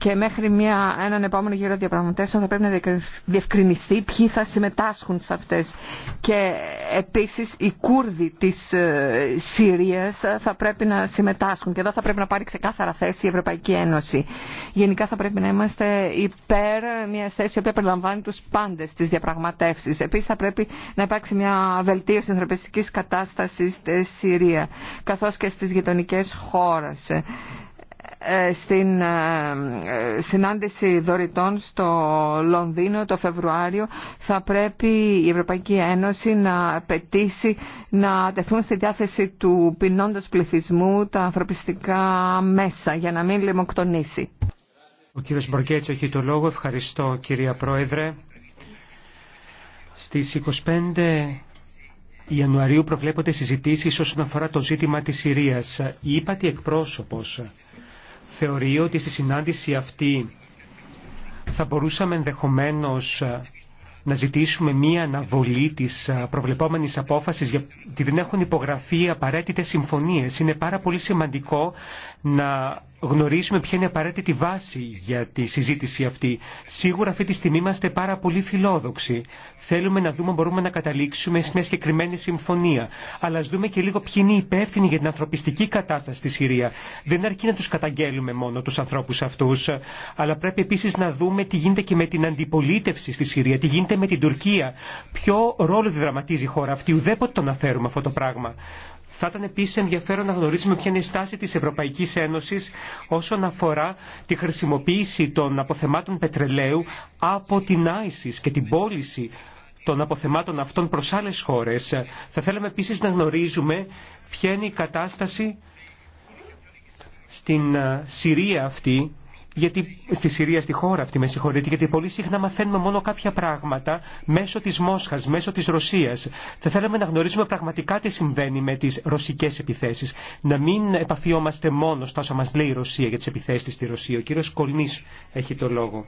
και μέχρι μια, έναν επόμενο γύρο διαπραγματεύσεων θα πρέπει να διευκρινιστεί ποιοι θα συμμετάσχουν σε αυτές. Και επίσης οι Κούρδοι της ε, Συρίας θα πρέπει να συμμετάσχουν και εδώ θα πρέπει να πάρει ξεκάθαρα θέση η Ευρωπαϊκή Ένωση. Γενικά θα πρέπει να είμαστε υπέρ μια θέση που περιλαμβάνει τους πάντες της διαπραγματεύσεις. Επίσης θα πρέπει να υπάρξει μια βελτίωση ανθρωπιστικής κατάστασης στη Συρία καθώς και στις γειτονικές χώρες ε, στην ε, ε, συνάντηση δωρητών στο Λονδίνο το Φεβρουάριο θα πρέπει η Ευρωπαϊκή Ένωση να πετύσει να τεθούν στη διάθεση του πεινώντος πληθυσμού τα ανθρωπιστικά μέσα για να μην λιμοκτονήσει. Ο κύριος Μπορκέτσο έχει το λόγο. Ευχαριστώ κυρία Πρόεδρε. Στις 25 Ιανουαρίου προβλέπονται συζητήσεις όσον αφορά το ζήτημα της Συρίας. Η εκπρόσωπος θεωρεί ότι στη συνάντηση αυτή θα μπορούσαμε ενδεχομένως ε, να ζητήσουμε μία αναβολή της ε, προβλεπόμενης απόφασης γιατί δεν έχουν υπογραφεί απαραίτητες συμφωνίες. Είναι πάρα πολύ σημαντικό να γνωρίσουμε ποια είναι η απαραίτητη βάση για τη συζήτηση αυτή. Σίγουρα αυτή τη στιγμή είμαστε πάρα πολύ φιλόδοξοι. Θέλουμε να δούμε αν μπορούμε να καταλήξουμε σε μια συγκεκριμένη συμφωνία. Αλλά ας δούμε και λίγο ποιοι είναι οι υπεύθυνοι για την ανθρωπιστική κατάσταση στη Συρία. Δεν αρκεί να του καταγγέλουμε μόνο του ανθρώπου αυτού, αλλά πρέπει επίση να δούμε τι γίνεται και με την αντιπολίτευση στη Συρία, τι γίνεται με την Τουρκία, ποιο ρόλο διδραματίζει η χώρα αυτή. Ουδέποτε το αναφέρουμε αυτό το πράγμα. Θα ήταν επίση ενδιαφέρον να γνωρίσουμε ποια είναι η στάση τη Ευρωπαϊκή Ένωση όσον αφορά τη χρησιμοποίηση των αποθεμάτων πετρελαίου από την ISIS και την πώληση των αποθεμάτων αυτών προς άλλες χώρες. Θα θέλαμε επίσης να γνωρίζουμε ποια είναι η κατάσταση στην ε, Συρία αυτή γιατί στη Συρία, στη χώρα αυτή, με συγχωρείτε, γιατί πολύ συχνά μαθαίνουμε μόνο κάποια πράγματα μέσω της Μόσχας, μέσω της Ρωσίας. Θα θέλαμε να γνωρίζουμε πραγματικά τι συμβαίνει με τις ρωσικές επιθέσεις. Να μην επαφιόμαστε μόνο στα όσα μας λέει η Ρωσία για τις επιθέσεις στη Ρωσία. Ο κύριος Κολνής έχει το λόγο.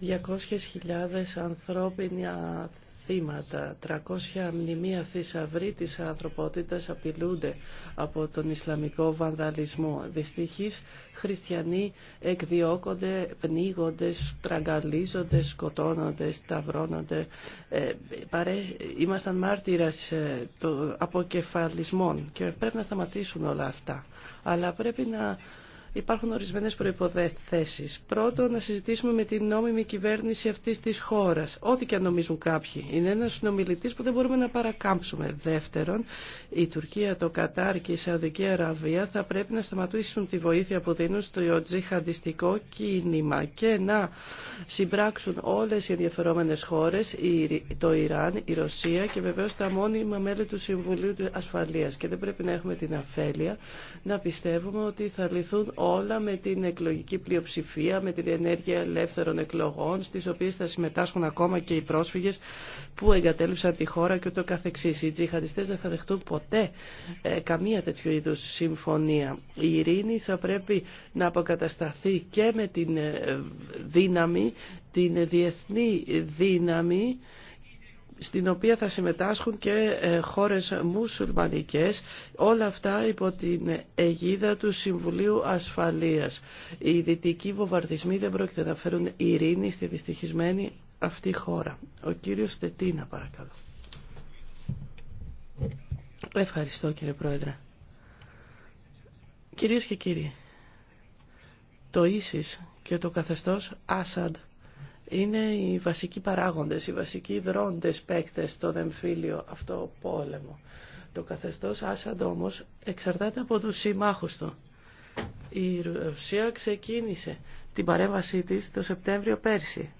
200.000 ανθρώπινα θύματα. 300 μνημεία θησαυροί της ανθρωπότητας απειλούνται από τον Ισλαμικό βανδαλισμό. Δυστυχείς χριστιανοί εκδιώκονται, πνίγονται, στραγγαλίζονται, σκοτώνονται, σταυρώνονται. Ε, παρέ, ήμασταν μάρτυρας ε, το, αποκεφαλισμών και πρέπει να σταματήσουν όλα αυτά. Αλλά πρέπει να υπάρχουν ορισμένες προϋποθέσεις. Πρώτον, να συζητήσουμε με την νόμιμη κυβέρνηση αυτής της χώρας. Ό,τι και αν νομίζουν κάποιοι. Είναι ένας συνομιλητής που δεν μπορούμε να παρακάμψουμε. Δεύτερον, η Τουρκία, το Κατάρ και η Σαουδική Αραβία θα πρέπει να σταματήσουν τη βοήθεια που δίνουν στο τζιχαντιστικό κίνημα και να συμπράξουν όλες οι ενδιαφερόμενες χώρες, το Ιράν, η Ρωσία και βεβαίως τα μόνιμα μέλη του Συμβουλίου Ασφαλείας. Και δεν πρέπει να έχουμε την αφέλεια να πιστεύουμε ότι θα λυθούν όλα με την εκλογική πλειοψηφία, με τη ενέργεια ελεύθερων εκλογών, στις οποίες θα συμμετάσχουν ακόμα και οι πρόσφυγες που εγκατέλειψαν τη χώρα και ούτω καθεξής. Οι τζιχαντιστές δεν θα δεχτούν ποτέ ε, καμία τέτοιου είδους συμφωνία. Η ειρήνη θα πρέπει να αποκατασταθεί και με την ε, δύναμη, την διεθνή δύναμη, στην οποία θα συμμετάσχουν και ε, χώρες μουσουλμανικές, όλα αυτά υπό την αιγίδα του Συμβουλίου Ασφαλείας. Οι δυτικοί βομβαρδισμοί δεν πρόκειται να φέρουν ειρήνη στη δυστυχισμένη αυτή χώρα. Ο κύριος Στετίνα παρακαλώ. Ευχαριστώ κύριε Πρόεδρε. Κυρίες και κύριοι, το ίσις και το καθεστώς Άσαντ είναι οι βασικοί παράγοντες, οι βασικοί δρόντες παίκτες στον εμφύλιο αυτό πόλεμο. Το καθεστώς Άσαντ όμως εξαρτάται από τους συμμάχους του. Η Ρωσία ξεκίνησε την παρέμβασή της το Σεπτέμβριο πέρσι,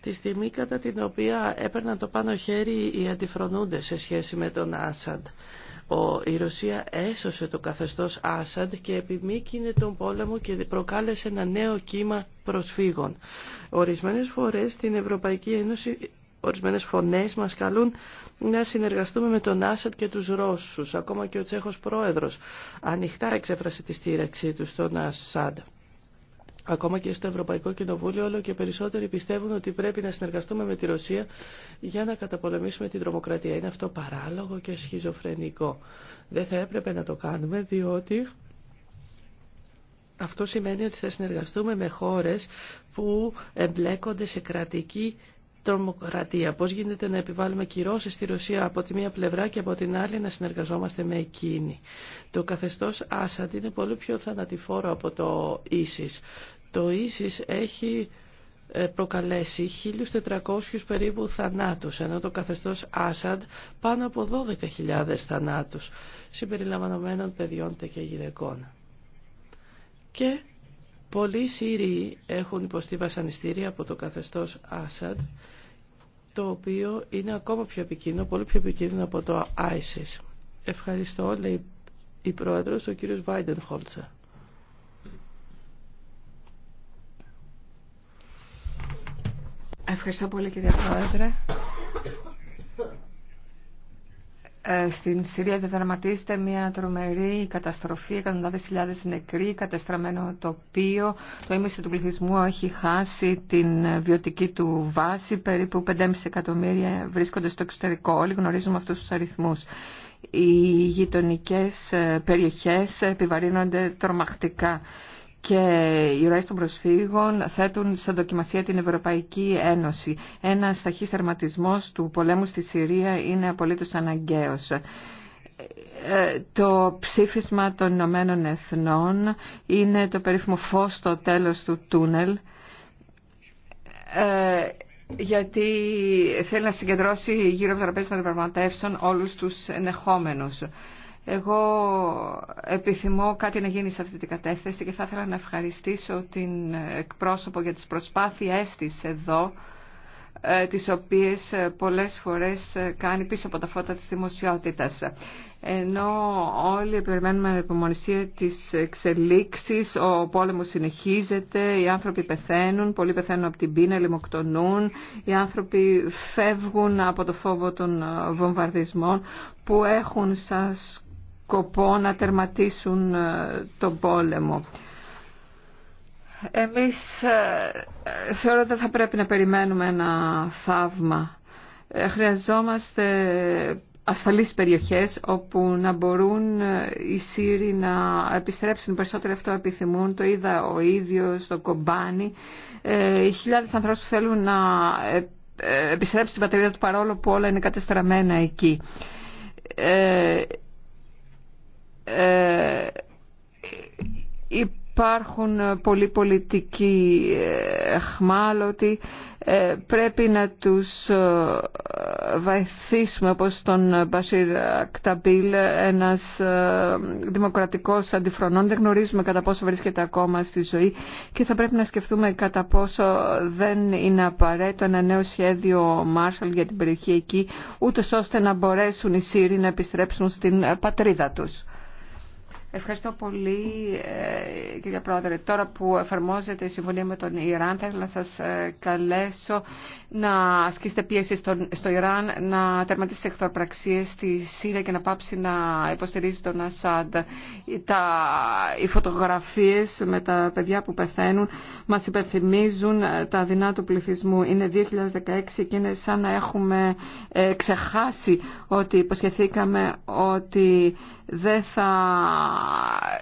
τη στιγμή κατά την οποία έπαιρναν το πάνω χέρι οι αντιφρονούντες σε σχέση με τον Άσαντ η Ρωσία έσωσε το καθεστώς Άσαντ και επιμήκυνε τον πόλεμο και προκάλεσε ένα νέο κύμα προσφύγων. Ορισμένες φορές στην Ευρωπαϊκή Ένωση ορισμένες φωνές μας καλούν να συνεργαστούμε με τον Άσαντ και τους Ρώσους. Ακόμα και ο Τσέχος πρόεδρος ανοιχτά εξέφρασε τη στήραξή του στον Ασάντ. Ακόμα και στο Ευρωπαϊκό Κοινοβούλιο όλο και περισσότεροι πιστεύουν ότι πρέπει να συνεργαστούμε με τη Ρωσία για να καταπολεμήσουμε την τρομοκρατία. Είναι αυτό παράλογο και σχιζοφρενικό. Δεν θα έπρεπε να το κάνουμε διότι αυτό σημαίνει ότι θα συνεργαστούμε με χώρες που εμπλέκονται σε κρατική τρομοκρατία. Πώς γίνεται να επιβάλλουμε κυρώσει στη Ρωσία από τη μία πλευρά και από την άλλη να συνεργαζόμαστε με εκείνη. Το καθεστώς Άσαντ είναι πολύ πιο θανατηφόρο από το ίσις. Το ίσις έχει ε, προκαλέσει 1.400 περίπου θανάτους, ενώ το καθεστώς Άσαντ πάνω από 12.000 θανάτους, συμπεριλαμβανομένων παιδιών και γυναικών. Και πολλοί Σύριοι έχουν υποστεί βασανιστήρια από το καθεστώς Άσαντ το οποίο είναι ακόμα πιο επικίνδυνο, πολύ πιο επικίνδυνο από το ISIS. Ευχαριστώ, λέει η πρόεδρος, ο κύριος Βάιντεν Χόλτσα. Ευχαριστώ πολύ κύριε Πρόεδρε. Ε, στην Συρία διαδραματίζεται μια τρομερή καταστροφή, εκατοντάδε χιλιάδες νεκροί, κατεστραμμένο τοπίο. Το ίμιση του πληθυσμού έχει χάσει την βιωτική του βάση. Περίπου 5,5 εκατομμύρια βρίσκονται στο εξωτερικό. Όλοι γνωρίζουμε αυτούς τους αριθμούς. Οι γειτονικέ ε, περιοχές επιβαρύνονται τρομακτικά και οι ροές των προσφύγων θέτουν σε δοκιμασία την Ευρωπαϊκή Ένωση. Ένα ταχύς θερματισμός του πολέμου στη Συρία είναι απολύτως αναγκαίος ε, το ψήφισμα των Ηνωμένων Εθνών είναι το περίφημο φως στο τέλος του τούνελ ε, γιατί θέλει να συγκεντρώσει γύρω από το τραπέζι των διαπραγματεύσεων όλους τους ενεχόμενους. Εγώ επιθυμώ κάτι να γίνει σε αυτή την κατεύθυνση και θα ήθελα να ευχαριστήσω την εκπρόσωπο για τις προσπάθειές της εδώ, ε, τις οποίες ε, πολλές φορές ε, κάνει πίσω από τα φώτα της δημοσιότητας. Ενώ όλοι περιμένουμε με ανεπομονησία της εξελίξεις, ο πόλεμος συνεχίζεται, οι άνθρωποι πεθαίνουν, πολλοί πεθαίνουν από την πείνα, λιμοκτονούν, οι άνθρωποι φεύγουν από το φόβο των βομβαρδισμών που έχουν σαν σκοπό να τερματίσουν ε, τον πόλεμο. Εμείς ε, ε, θεωρώ ότι θα πρέπει να περιμένουμε ένα θαύμα. Χρειαζόμαστε ασφαλείς περιοχές όπου να μπορούν οι Σύροι να επιστρέψουν περισσότερο αυτό επιθυμούν. Το είδα ο ίδιος το Κομπάνι. Ε, χιλιάδες ανθρώπους που θέλουν να επιστρέψουν στην πατρίδα του παρόλο που όλα είναι κατεστραμμένα εκεί. Ε, υπάρχουν πολλοί πολιτικοί ε, χμάλωτοι ε, πρέπει να τους ε, βαϊθήσουμε όπως τον Μπασίρ Ακταμπίλ ένας δημοκρατικός αντιφρονών δεν γνωρίζουμε κατά πόσο βρίσκεται ακόμα στη ζωή και θα πρέπει να σκεφτούμε κατά πόσο δεν είναι απαραίτητο ένα νέο σχέδιο Μάρσαλ για την περιοχή εκεί ούτως ώστε να μπορέσουν οι Σύριοι να επιστρέψουν στην πατρίδα τους. Ευχαριστώ πολύ κύριε Πρόεδρε. Τώρα που εφαρμόζεται η συμφωνία με τον Ιράν θα ήθελα να σας ε, καλέσω να ασκήσετε πίεση στο Ιράν να τερματίσει τις εχθροπραξίες στη Σύρια και να πάψει να υποστηρίζει τον Ασάντ. Τα, οι φωτογραφίες με τα παιδιά που πεθαίνουν μας υπενθυμίζουν ε, τα δεινά του πληθυσμού. Είναι 2016 και είναι σαν να έχουμε ε, ξεχάσει ότι υποσχεθήκαμε ότι δεν θα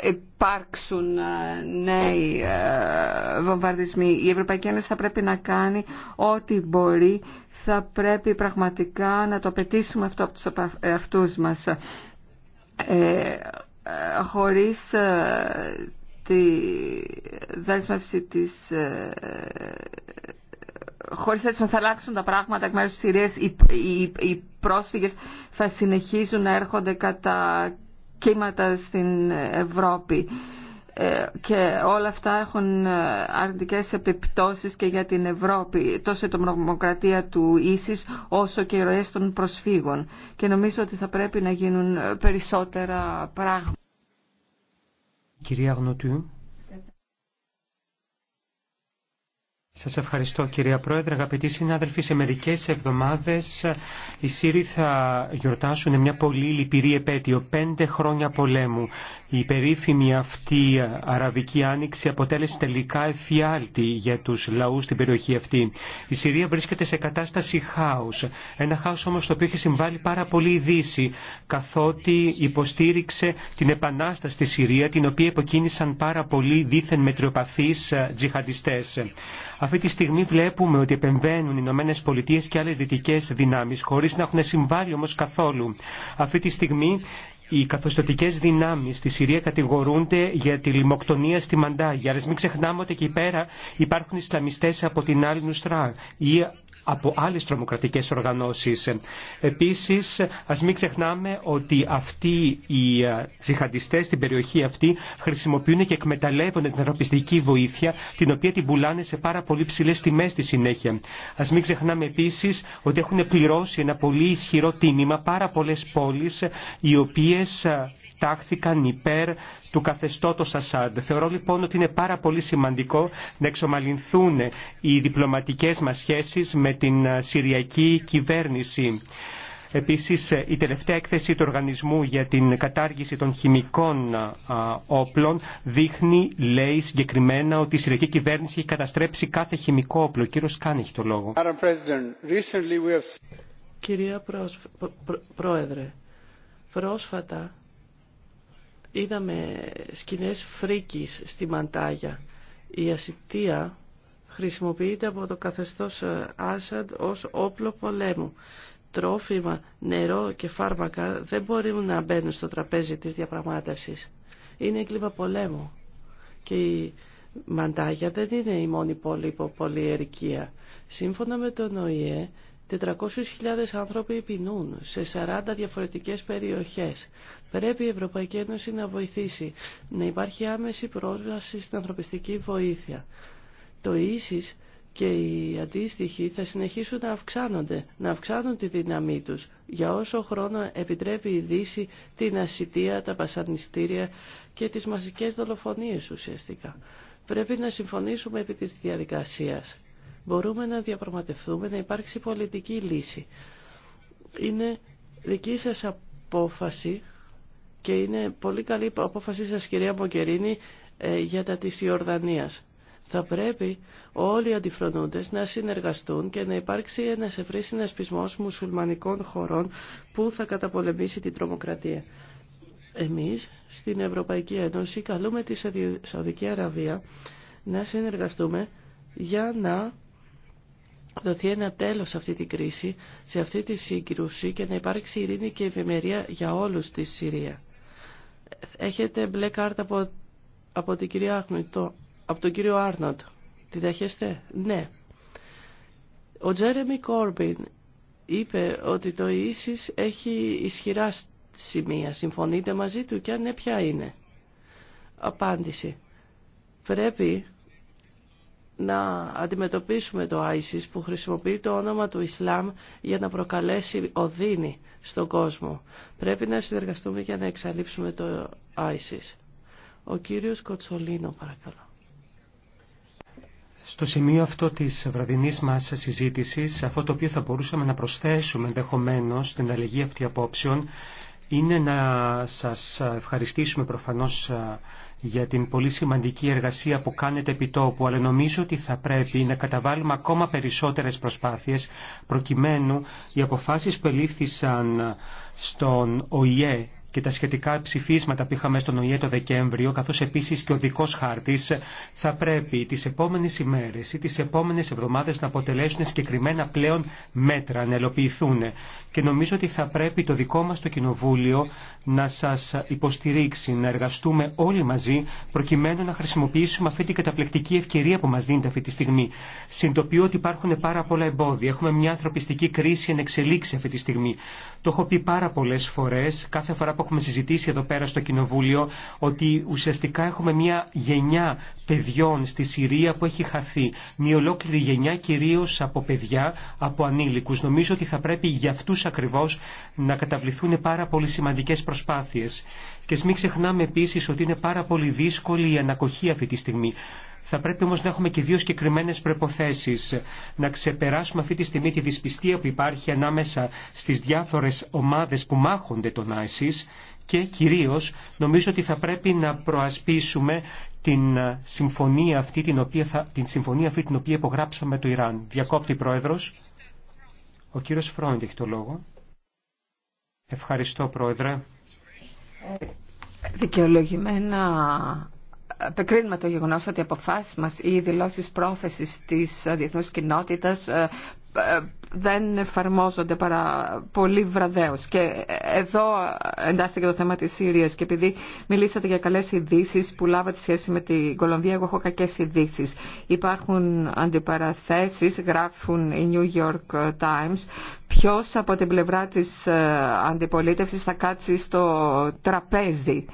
υπάρξουν ε, νέοι ε, βομβαρδισμοί. Η Ευρωπαϊκή Ένωση θα πρέπει να κάνει ό,τι μπορεί. Θα πρέπει πραγματικά να το απαιτήσουμε αυτό από τους ε, αυτούς μας. Ε, χωρίς τη δέσμευση της χωρίς έτσι θα αλλάξουν τα πράγματα εκ μέρους της Συρίας, οι, οι, οι πρόσφυγες θα συνεχίζουν να έρχονται κατά κύματα στην Ευρώπη ε, και όλα αυτά έχουν ε, αρνητικές επιπτώσεις και για την Ευρώπη τόσο η δημοκρατία του Ίσης όσο και οι ροές των προσφύγων και νομίζω ότι θα πρέπει να γίνουν ε, περισσότερα πράγματα. Κυρία Γνωτού. Σας ευχαριστώ κυρία Πρόεδρε, αγαπητοί συνάδελφοι. Σε μερικές εβδομάδες οι Σύριοι θα γιορτάσουν μια πολύ λυπηρή επέτειο, πέντε χρόνια πολέμου. Η περίφημη αυτή αραβική άνοιξη αποτέλεσε τελικά εφιάλτη για τους λαούς στην περιοχή αυτή. Η Συρία βρίσκεται σε κατάσταση χάους. Ένα χάος όμως το οποίο έχει συμβάλει πάρα πολύ η Δύση, καθότι υποστήριξε την επανάσταση στη Συρία, την οποία υποκίνησαν πάρα πολλοί δίθεν μετριοπαθείς τζιχαντιστές. Αυτή τη στιγμή βλέπουμε ότι επεμβαίνουν οι Ηνωμένε Πολιτείε και άλλε δυτικέ δυνάμει, χωρί να έχουν συμβάλει όμω καθόλου. Αυτή τη στιγμή οι καθοστοτικέ δυνάμει στη Συρία κατηγορούνται για τη λιμοκτονία στη Μαντάγια. Αλλά μην ξεχνάμε ότι εκεί πέρα υπάρχουν Ισλαμιστέ από την άλλη Νουστρά από άλλες τρομοκρατικές οργανώσεις. Επίσης, ας μην ξεχνάμε ότι αυτοί οι ε, τσιχαντιστές στην περιοχή αυτή χρησιμοποιούν και εκμεταλλεύονται την ανθρωπιστική βοήθεια, την οποία την πουλάνε σε πάρα πολύ ψηλές τιμές στη συνέχεια. Ας μην ξεχνάμε επίσης ότι έχουν πληρώσει ένα πολύ ισχυρό τίμημα πάρα πολλές πόλεις, οι οποίες ε, τάχθηκαν υπέρ του καθεστώτος Ασάντ. Θεωρώ λοιπόν ότι είναι πάρα πολύ σημαντικό να εξομαλυνθούν οι διπλωματικές μας σχέσεις με την ε, Συριακή κυβέρνηση. Επίσης, ε, η τελευταία έκθεση του Οργανισμού για την κατάργηση των χημικών ε, όπλων δείχνει, λέει συγκεκριμένα, ότι η Συριακή κυβέρνηση έχει καταστρέψει κάθε χημικό όπλο. Κύριο Κάν το λόγο. Κυρία Πρόεδρε, πρόσφατα Είδαμε σκηνές φρίκης στη Μαντάγια. Η ασυτεία χρησιμοποιείται από το καθεστώς ε, Άσαντ ως όπλο πολέμου. Τρόφιμα, νερό και φάρμακα δεν μπορούν να μπαίνουν στο τραπέζι της διαπραγμάτευσης. Είναι έγκλημα πολέμου. Και η Μαντάγια δεν είναι η μόνη πόλη υπό πολυερικία. Σύμφωνα με τον ΟΗΕ, 400.000 άνθρωποι πεινούν σε 40 διαφορετικές περιοχές. Πρέπει η Ευρωπαϊκή Ένωση να βοηθήσει, να υπάρχει άμεση πρόσβαση στην ανθρωπιστική βοήθεια. Το ίσις και οι αντίστοιχοι θα συνεχίσουν να αυξάνονται, να αυξάνουν τη δύναμή τους για όσο χρόνο επιτρέπει η Δύση την ασυτεία, τα πασανιστήρια και τις μαζικές δολοφονίες ουσιαστικά. Πρέπει να συμφωνήσουμε επί της διαδικασίας μπορούμε να διαπραγματευτούμε, να υπάρξει πολιτική λύση. Είναι δική σας απόφαση και είναι πολύ καλή απόφαση σας κυρία Μοκερίνη, ε, για τα της Ιορδανίας. Θα πρέπει όλοι οι αντιφρονούντες να συνεργαστούν και να υπάρξει ένας ευρύ συνασπισμός μουσουλμανικών χωρών που θα καταπολεμήσει την τρομοκρατία. Εμείς στην Ευρωπαϊκή Ένωση καλούμε τη Σαουδική Αραβία να συνεργαστούμε για να δοθεί ένα τέλος σε αυτή τη κρίση, σε αυτή τη σύγκρουση και να υπάρξει ειρήνη και ευημερία για όλους στη Συρία. Έχετε μπλε κάρτα από, από, την κυρία από τον κύριο Άρνοντ. Τη δέχεστε? Ναι. Ο Τζέρεμι Κόρμπιν είπε ότι το ίσις έχει ισχυρά σημεία. Συμφωνείτε μαζί του και αν ναι ποια είναι. Απάντηση. Πρέπει να αντιμετωπίσουμε το ISIS που χρησιμοποιεί το όνομα του Ισλάμ για να προκαλέσει οδύνη στον κόσμο. Πρέπει να συνεργαστούμε για να εξαλείψουμε το ISIS. Ο κύριος Κοτσολίνο παρακαλώ. Στο σημείο αυτό της βραδινής μας συζήτησης, αυτό το οποίο θα μπορούσαμε να προσθέσουμε ενδεχομένω στην αλληλεγγύη αυτή απόψεων, είναι να σας ευχαριστήσουμε προφανώς για την πολύ σημαντική εργασία που κάνετε επί τόπου, αλλά νομίζω ότι θα πρέπει να καταβάλουμε ακόμα περισσότερες προσπάθειες προκειμένου οι αποφάσεις που ελήφθησαν στον ΟΗΕ και τα σχετικά ψηφίσματα που είχαμε στον ΟΗΕ το Δεκέμβριο, καθώς επίσης και ο δικός χάρτης, θα πρέπει τις επόμενες ημέρες ή τις επόμενες εβδομάδες να αποτελέσουν συγκεκριμένα πλέον μέτρα, να ελοποιηθούν. Και νομίζω ότι θα πρέπει το δικό μας το Κοινοβούλιο να σας υποστηρίξει, να εργαστούμε όλοι μαζί, προκειμένου να χρησιμοποιήσουμε αυτή την καταπληκτική ευκαιρία που μας δίνεται αυτή τη στιγμή. Συντοπίω ότι υπάρχουν πάρα πολλά εμπόδια. Έχουμε μια ανθρωπιστική κρίση εν εξελίξει αυτή τη στιγμή. Το έχω πει πάρα πολλέ φορέ, κάθε φορά που έχουμε συζητήσει εδώ πέρα στο Κοινοβούλιο, ότι ουσιαστικά έχουμε μια γενιά παιδιών στη Συρία που έχει χαθεί. Μια ολόκληρη γενιά κυρίω από παιδιά, από ανήλικου. Νομίζω ότι θα πρέπει για αυτού ακριβώ να καταβληθούν πάρα πολύ σημαντικέ προσπάθειε. Και μην ξεχνάμε επίση ότι είναι πάρα πολύ δύσκολη η ανακοχή αυτή τη στιγμή. Θα πρέπει όμω να έχουμε και δύο συγκεκριμένε προϋποθέσεις. Να ξεπεράσουμε αυτή τη στιγμή τη δυσπιστία που υπάρχει ανάμεσα στις διάφορες ομάδες που μάχονται τον Άισις και κυρίως νομίζω ότι θα πρέπει να προασπίσουμε την συμφωνία αυτή την οποία, την συμφωνία αυτή την οποία υπογράψαμε το Ιράν. Διακόπτη Πρόεδρος. Ο κύριος Φρόντ έχει το λόγο. Ευχαριστώ πρόεδρε. Δικαιολογημένα Πεκρίνουμε το γεγονό ότι οι αποφάσει μα ή οι δηλώσεις πρόθεση της διεθνούς κοινότητα ε, ε, δεν εφαρμόζονται παρά πολύ βραδέως. Και εδώ εντάσσεται και το θέμα της Συρίας και επειδή μιλήσατε για καλέ ειδήσει που λάβατε σχέση με την Κολομβία, εγώ έχω κακέ ειδήσει. Υπάρχουν αντιπαραθέσεις, γράφουν οι New York Times, Ποιο από την πλευρά τη ε, αντιπολίτευση θα κάτσει στο τραπέζι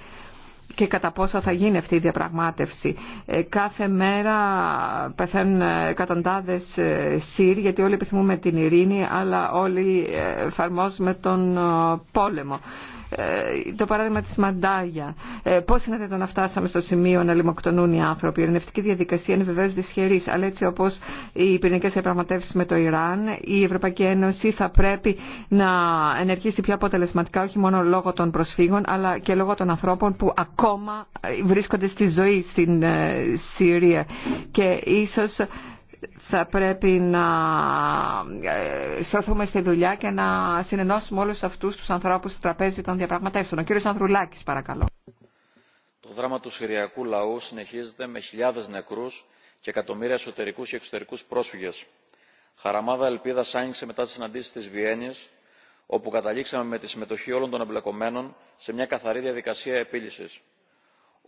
και κατά πόσο θα γίνει αυτή η διαπραγμάτευση. Ε, κάθε μέρα πεθαίνουν ε, εκατοντάδες ε, ΣΥΡ γιατί όλοι επιθυμούμε την ειρήνη αλλά όλοι εφαρμόζουμε τον πόλεμο. Ε, το παράδειγμα της Μαντάγια. Ε, πώς είναι δυνατόν να φτάσαμε στο σημείο να λιμοκτονούν οι άνθρωποι. Η ειρηνευτική διαδικασία είναι βεβαίως δυσχερής, αλλά έτσι όπως οι πυρηνικές διαπραγματεύσει με το Ιράν, η Ευρωπαϊκή Ένωση θα πρέπει να ενεργήσει πιο αποτελεσματικά, όχι μόνο λόγω των προσφύγων, αλλά και λόγω των ανθρώπων που ακόμα βρίσκονται στη ζωή στην ε, Συρία. Και ίσως θα πρέπει να ε, σταθούμε στη δουλειά και να συνενώσουμε όλους αυτούς τους ανθρώπους στο τραπέζι των διαπραγματεύσεων. Ο κύριος Ανδρουλάκης, παρακαλώ. Το δράμα του Συριακού λαού συνεχίζεται με χιλιάδες νεκρούς και εκατομμύρια εσωτερικούς και εξωτερικούς πρόσφυγες. Χαραμάδα ελπίδα άνοιξε μετά τις συναντήσεις της Βιέννης, όπου καταλήξαμε με τη συμμετοχή όλων των εμπλεκομένων σε μια καθαρή διαδικασία επίλυση.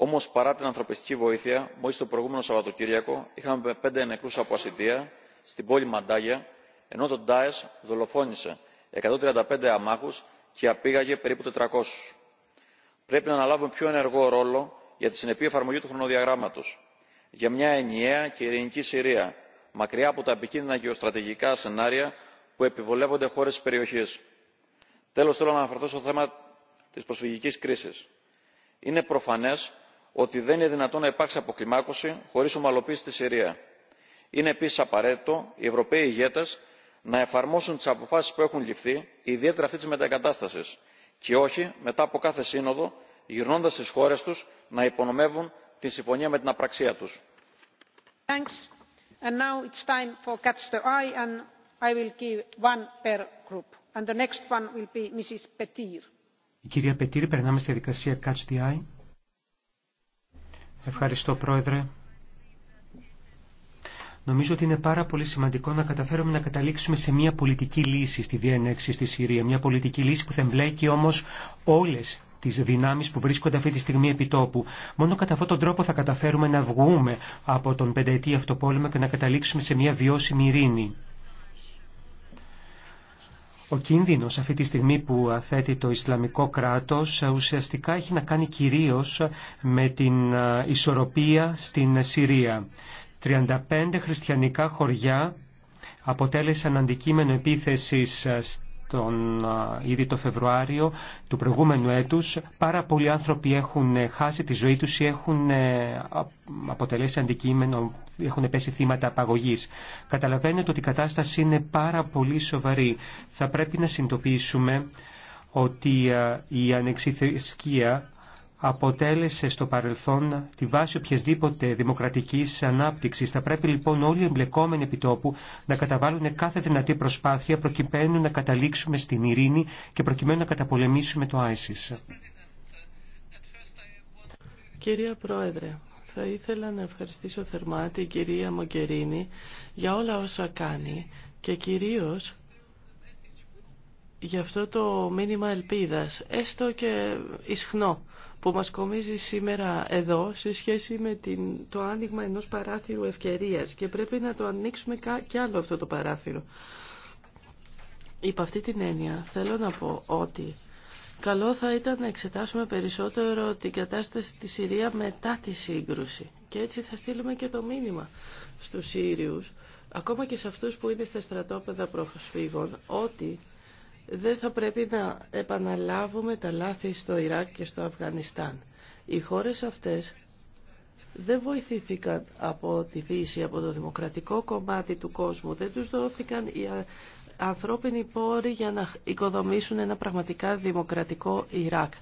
Όμω, παρά την ανθρωπιστική βοήθεια, μόλι το προηγούμενο Σαββατοκύριακο είχαμε πέντε νεκρού από ασυντία στην πόλη Μαντάγια, ενώ το Ντάε δολοφόνησε 135 αμάχου και απήγαγε περίπου 400. Πρέπει να αναλάβουμε πιο ενεργό ρόλο για τη συνεπή εφαρμογή του χρονοδιαγράμματο, για μια ενιαία και ειρηνική Συρία, μακριά από τα επικίνδυνα γεωστρατηγικά σενάρια που επιβολεύονται χώρε τη περιοχή. Τέλο, θέλω να αναφερθώ στο θέμα τη προσφυγική κρίση. Είναι προφανέ ότι δεν είναι δυνατόν να υπάρξει αποκλιμάκωση χωρί ομαλοποίηση στη συρία. είναι επίση απαραίτητο οι ευρωπαίοι ηγέτε να εφαρμόσουν τι αποφάσει που έχουν ληφθεί ιδιαίτερα αυτή τη μετεγκατάσταση και όχι μετά από κάθε σύνοδο γυρνώντα στι χώρε του να υπονομεύουν τη συμφωνία με την απραξία του. Ευχαριστώ Πρόεδρε. Νομίζω ότι είναι πάρα πολύ σημαντικό να καταφέρουμε να καταλήξουμε σε μια πολιτική λύση στη διένεξη στη Συρία. Μια πολιτική λύση που θα εμπλέκει όμως όλες τις δυνάμεις που βρίσκονται αυτή τη στιγμή επί τόπου. Μόνο κατά αυτόν τον τρόπο θα καταφέρουμε να βγούμε από τον πενταετή αυτοπόλεμο και να καταλήξουμε σε μια βιώσιμη ειρήνη. Ο κίνδυνος αυτή τη στιγμή που θέτει το Ισλαμικό κράτος ουσιαστικά έχει να κάνει κυρίως με την ισορροπία στην Συρία. 35 χριστιανικά χωριά αποτέλεσαν αντικείμενο επίθεσης τον, ήδη το Φεβρουάριο του προηγούμενου έτους πάρα πολλοί άνθρωποι έχουν ε, χάσει τη ζωή τους ή έχουν ε, αποτελέσει αντικείμενο, έχουν πέσει θύματα απαγωγής. Καταλαβαίνετε ότι η κατάσταση είναι πάρα πολύ σοβαρή. Θα πρέπει να συνειδητοποιήσουμε ότι η ανεξιθρησκεία αποτέλεσε στο παρελθόν τη βάση οποιασδήποτε δημοκρατικής ανάπτυξης. Θα πρέπει λοιπόν όλοι οι εμπλεκόμενοι επιτόπου να καταβάλουν κάθε δυνατή προσπάθεια προκειμένου να καταλήξουμε στην ειρήνη και προκειμένου να καταπολεμήσουμε το ISIS. Κυρία Πρόεδρε, θα ήθελα να ευχαριστήσω θερμά την κυρία Μογκερίνη για όλα όσα κάνει και κυρίως για αυτό το μήνυμα ελπίδας, έστω και ισχνό που μας κομίζει σήμερα εδώ σε σχέση με το άνοιγμα ενός παράθυρου ευκαιρίας και πρέπει να το ανοίξουμε κι άλλο αυτό το παράθυρο. Υπ' αυτή την έννοια θέλω να πω ότι καλό θα ήταν να εξετάσουμε περισσότερο την κατάσταση στη Συρία μετά τη σύγκρουση και έτσι θα στείλουμε και το μήνυμα στους Σύριους ακόμα και σε αυτούς που είναι στα στρατόπεδα προσφύγων ότι δεν θα πρέπει να επαναλάβουμε τα λάθη στο Ιράκ και στο Αφγανιστάν. Οι χώρες αυτές δεν βοηθήθηκαν από τη Δύση, από το δημοκρατικό κομμάτι του κόσμου. Δεν τους δόθηκαν οι ανθρώπινοι πόροι για να οικοδομήσουν ένα πραγματικά δημοκρατικό Ιράκ.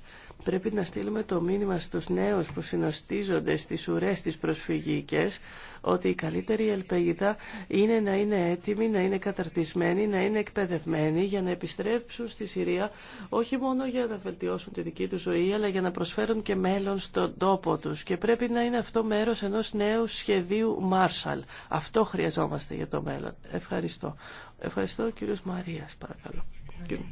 Πρέπει να στείλουμε το μήνυμα στους νέους που συνοστίζονται στις ουρές της προσφυγικές ότι η καλύτερη ελπίδα είναι να είναι έτοιμοι, να είναι καταρτισμένοι, να είναι εκπαιδευμένοι για να επιστρέψουν στη Συρία όχι μόνο για να βελτιώσουν τη δική τους ζωή αλλά για να προσφέρουν και μέλλον στον τόπο τους και πρέπει να είναι αυτό μέρος ενός νέου σχεδίου Marshall. Αυτό χρειαζόμαστε για το μέλλον. Ευχαριστώ. Ευχαριστώ κύριος Μαρίας παρακαλώ.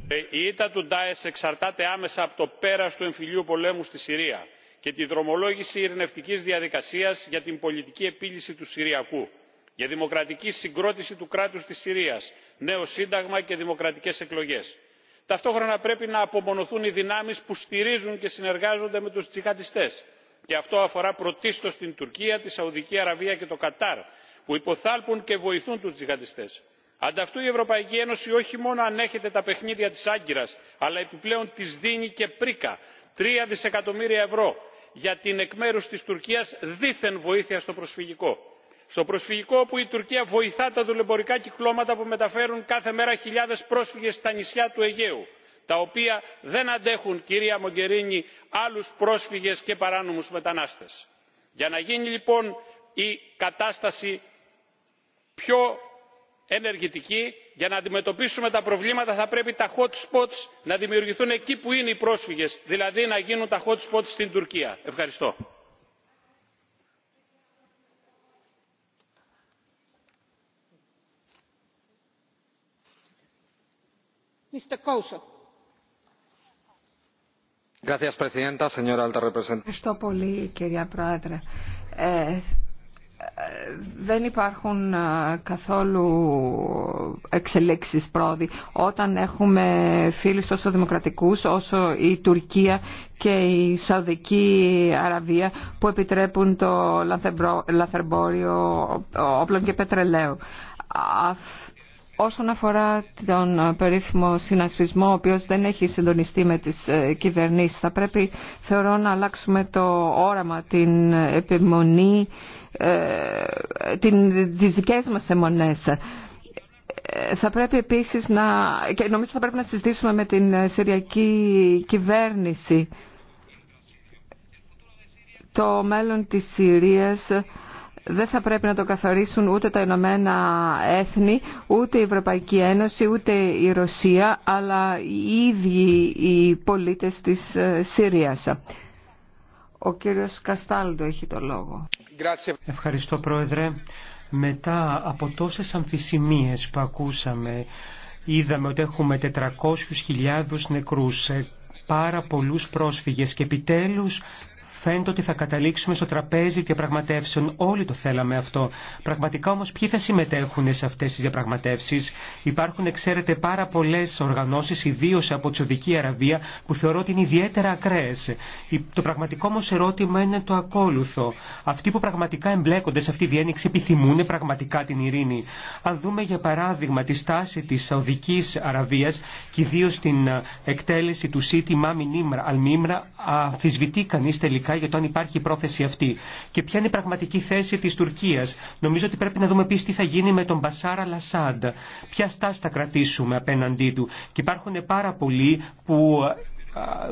Ε, η ήττα του ντάεσ εξαρτάται άμεσα από το πέρας του εμφυλίου πολέμου στη συρία και τη δρομολόγηση ειρηνευτικής διαδικασίας για την πολιτική επίλυση του συριακού για δημοκρατική συγκρότηση του κράτους της συρίας νέο σύνταγμα και δημοκρατικές εκλογές. ταυτόχρονα πρέπει να απομονωθούν οι δυνάμεις που στηρίζουν και συνεργάζονται με τους τζιχαντιστέ και αυτό αφορά πρωτίστως την τουρκία τη σαουδική αραβία και το κατάρ που υποθάλπουν και βοηθούν τους τζιχαντιστές ανταυτού η ευρωπαϊκή ένωση όχι μόνο ανέχεται τα παιχνίδια της άγκυρας αλλά επιπλέον της δίνει και πρίκα τρία δισεκατομμύρια ευρώ για την εκ μέρους της τουρκίας δίθεν βοήθεια στο προσφυγικό. στο προσφυγικό όπου η τουρκία βοηθά τα δουλεμπορικά κυκλώματα που μεταφέρουν κάθε μέρα χιλιάδες πρόσφυγες στα νησιά του αιγαίου τα οποία δεν αντέχουν κυρία Μογκερίνη άλλους πρόσφυγες και παράνομους μετανάστες. για να γίνει λοιπόν η κατάσταση πιο ενεργητική για να αντιμετωπίσουμε τα προβλήματα θα πρέπει τα hot spots να δημιουργηθούν εκεί που είναι οι πρόσφυγες δηλαδή να γίνουν τα hot spots στην τουρκία. ευχαριστώ. Ευχαριστώ κυρία Πρόεδρε. Ε, δεν υπάρχουν ε, καθόλου εξελίξεις πρόοδοι όταν έχουμε φίλους τόσο δημοκρατικούς όσο η Τουρκία και η Σαουδική Αραβία που επιτρέπουν το λαθερμπόριο όπλων και πετρελαίου. Όσον αφορά τον ε, περίφημο συνασπισμό, ο οποίος δεν έχει συντονιστεί με τις ε, κυβερνήσεις, θα πρέπει, θεωρώ, να αλλάξουμε το όραμα, την επιμονή, ε, την, τις δικές μας Θα πρέπει επίσης να, και νομίζω θα πρέπει να συζητήσουμε με την Συριακή κυβέρνηση το μέλλον της Συρίας δεν θα πρέπει να το καθορίσουν ούτε τα Ηνωμένα Έθνη, ούτε η Ευρωπαϊκή Ένωση, ούτε η Ρωσία, αλλά οι ίδιοι οι πολίτες της ε, Συρίας. Ο κύριος Καστάλντο έχει το λόγο. Ευχαριστώ Πρόεδρε. Μετά από τόσες αμφισημίες που ακούσαμε, είδαμε ότι έχουμε 400.000 νεκρούς, ε, πάρα πολλούς πρόσφυγες και επιτέλους φαίνεται ότι θα καταλήξουμε στο τραπέζι διαπραγματεύσεων. Όλοι το θέλαμε αυτό. Πραγματικά όμω ποιοι θα συμμετέχουν σε αυτέ τι διαπραγματεύσει. Υπάρχουν, ξέρετε, πάρα πολλέ οργανώσει, ιδίω από τη Σοδική Αραβία, που θεωρώ ότι είναι ιδιαίτερα ακραίε. Το πραγματικό όμω ερώτημα είναι το ακόλουθο. Αυτοί που πραγματικά εμπλέκονται σε αυτή τη διένεξη επιθυμούν πραγματικά την ειρήνη. Αν δούμε για παράδειγμα τη στάση τη Σαουδική Αραβία και ιδίω την ε, εκτέλεση του City Mami αμφισβητεί κανεί τελικά για το αν υπάρχει η πρόθεση αυτή. Και ποια είναι η πραγματική θέση τη Τουρκία. Νομίζω ότι πρέπει να δούμε επίση τι θα γίνει με τον Μπασάρα Λασάντ. Ποια στάση θα κρατήσουμε απέναντί του. Και υπάρχουν πάρα πολλοί που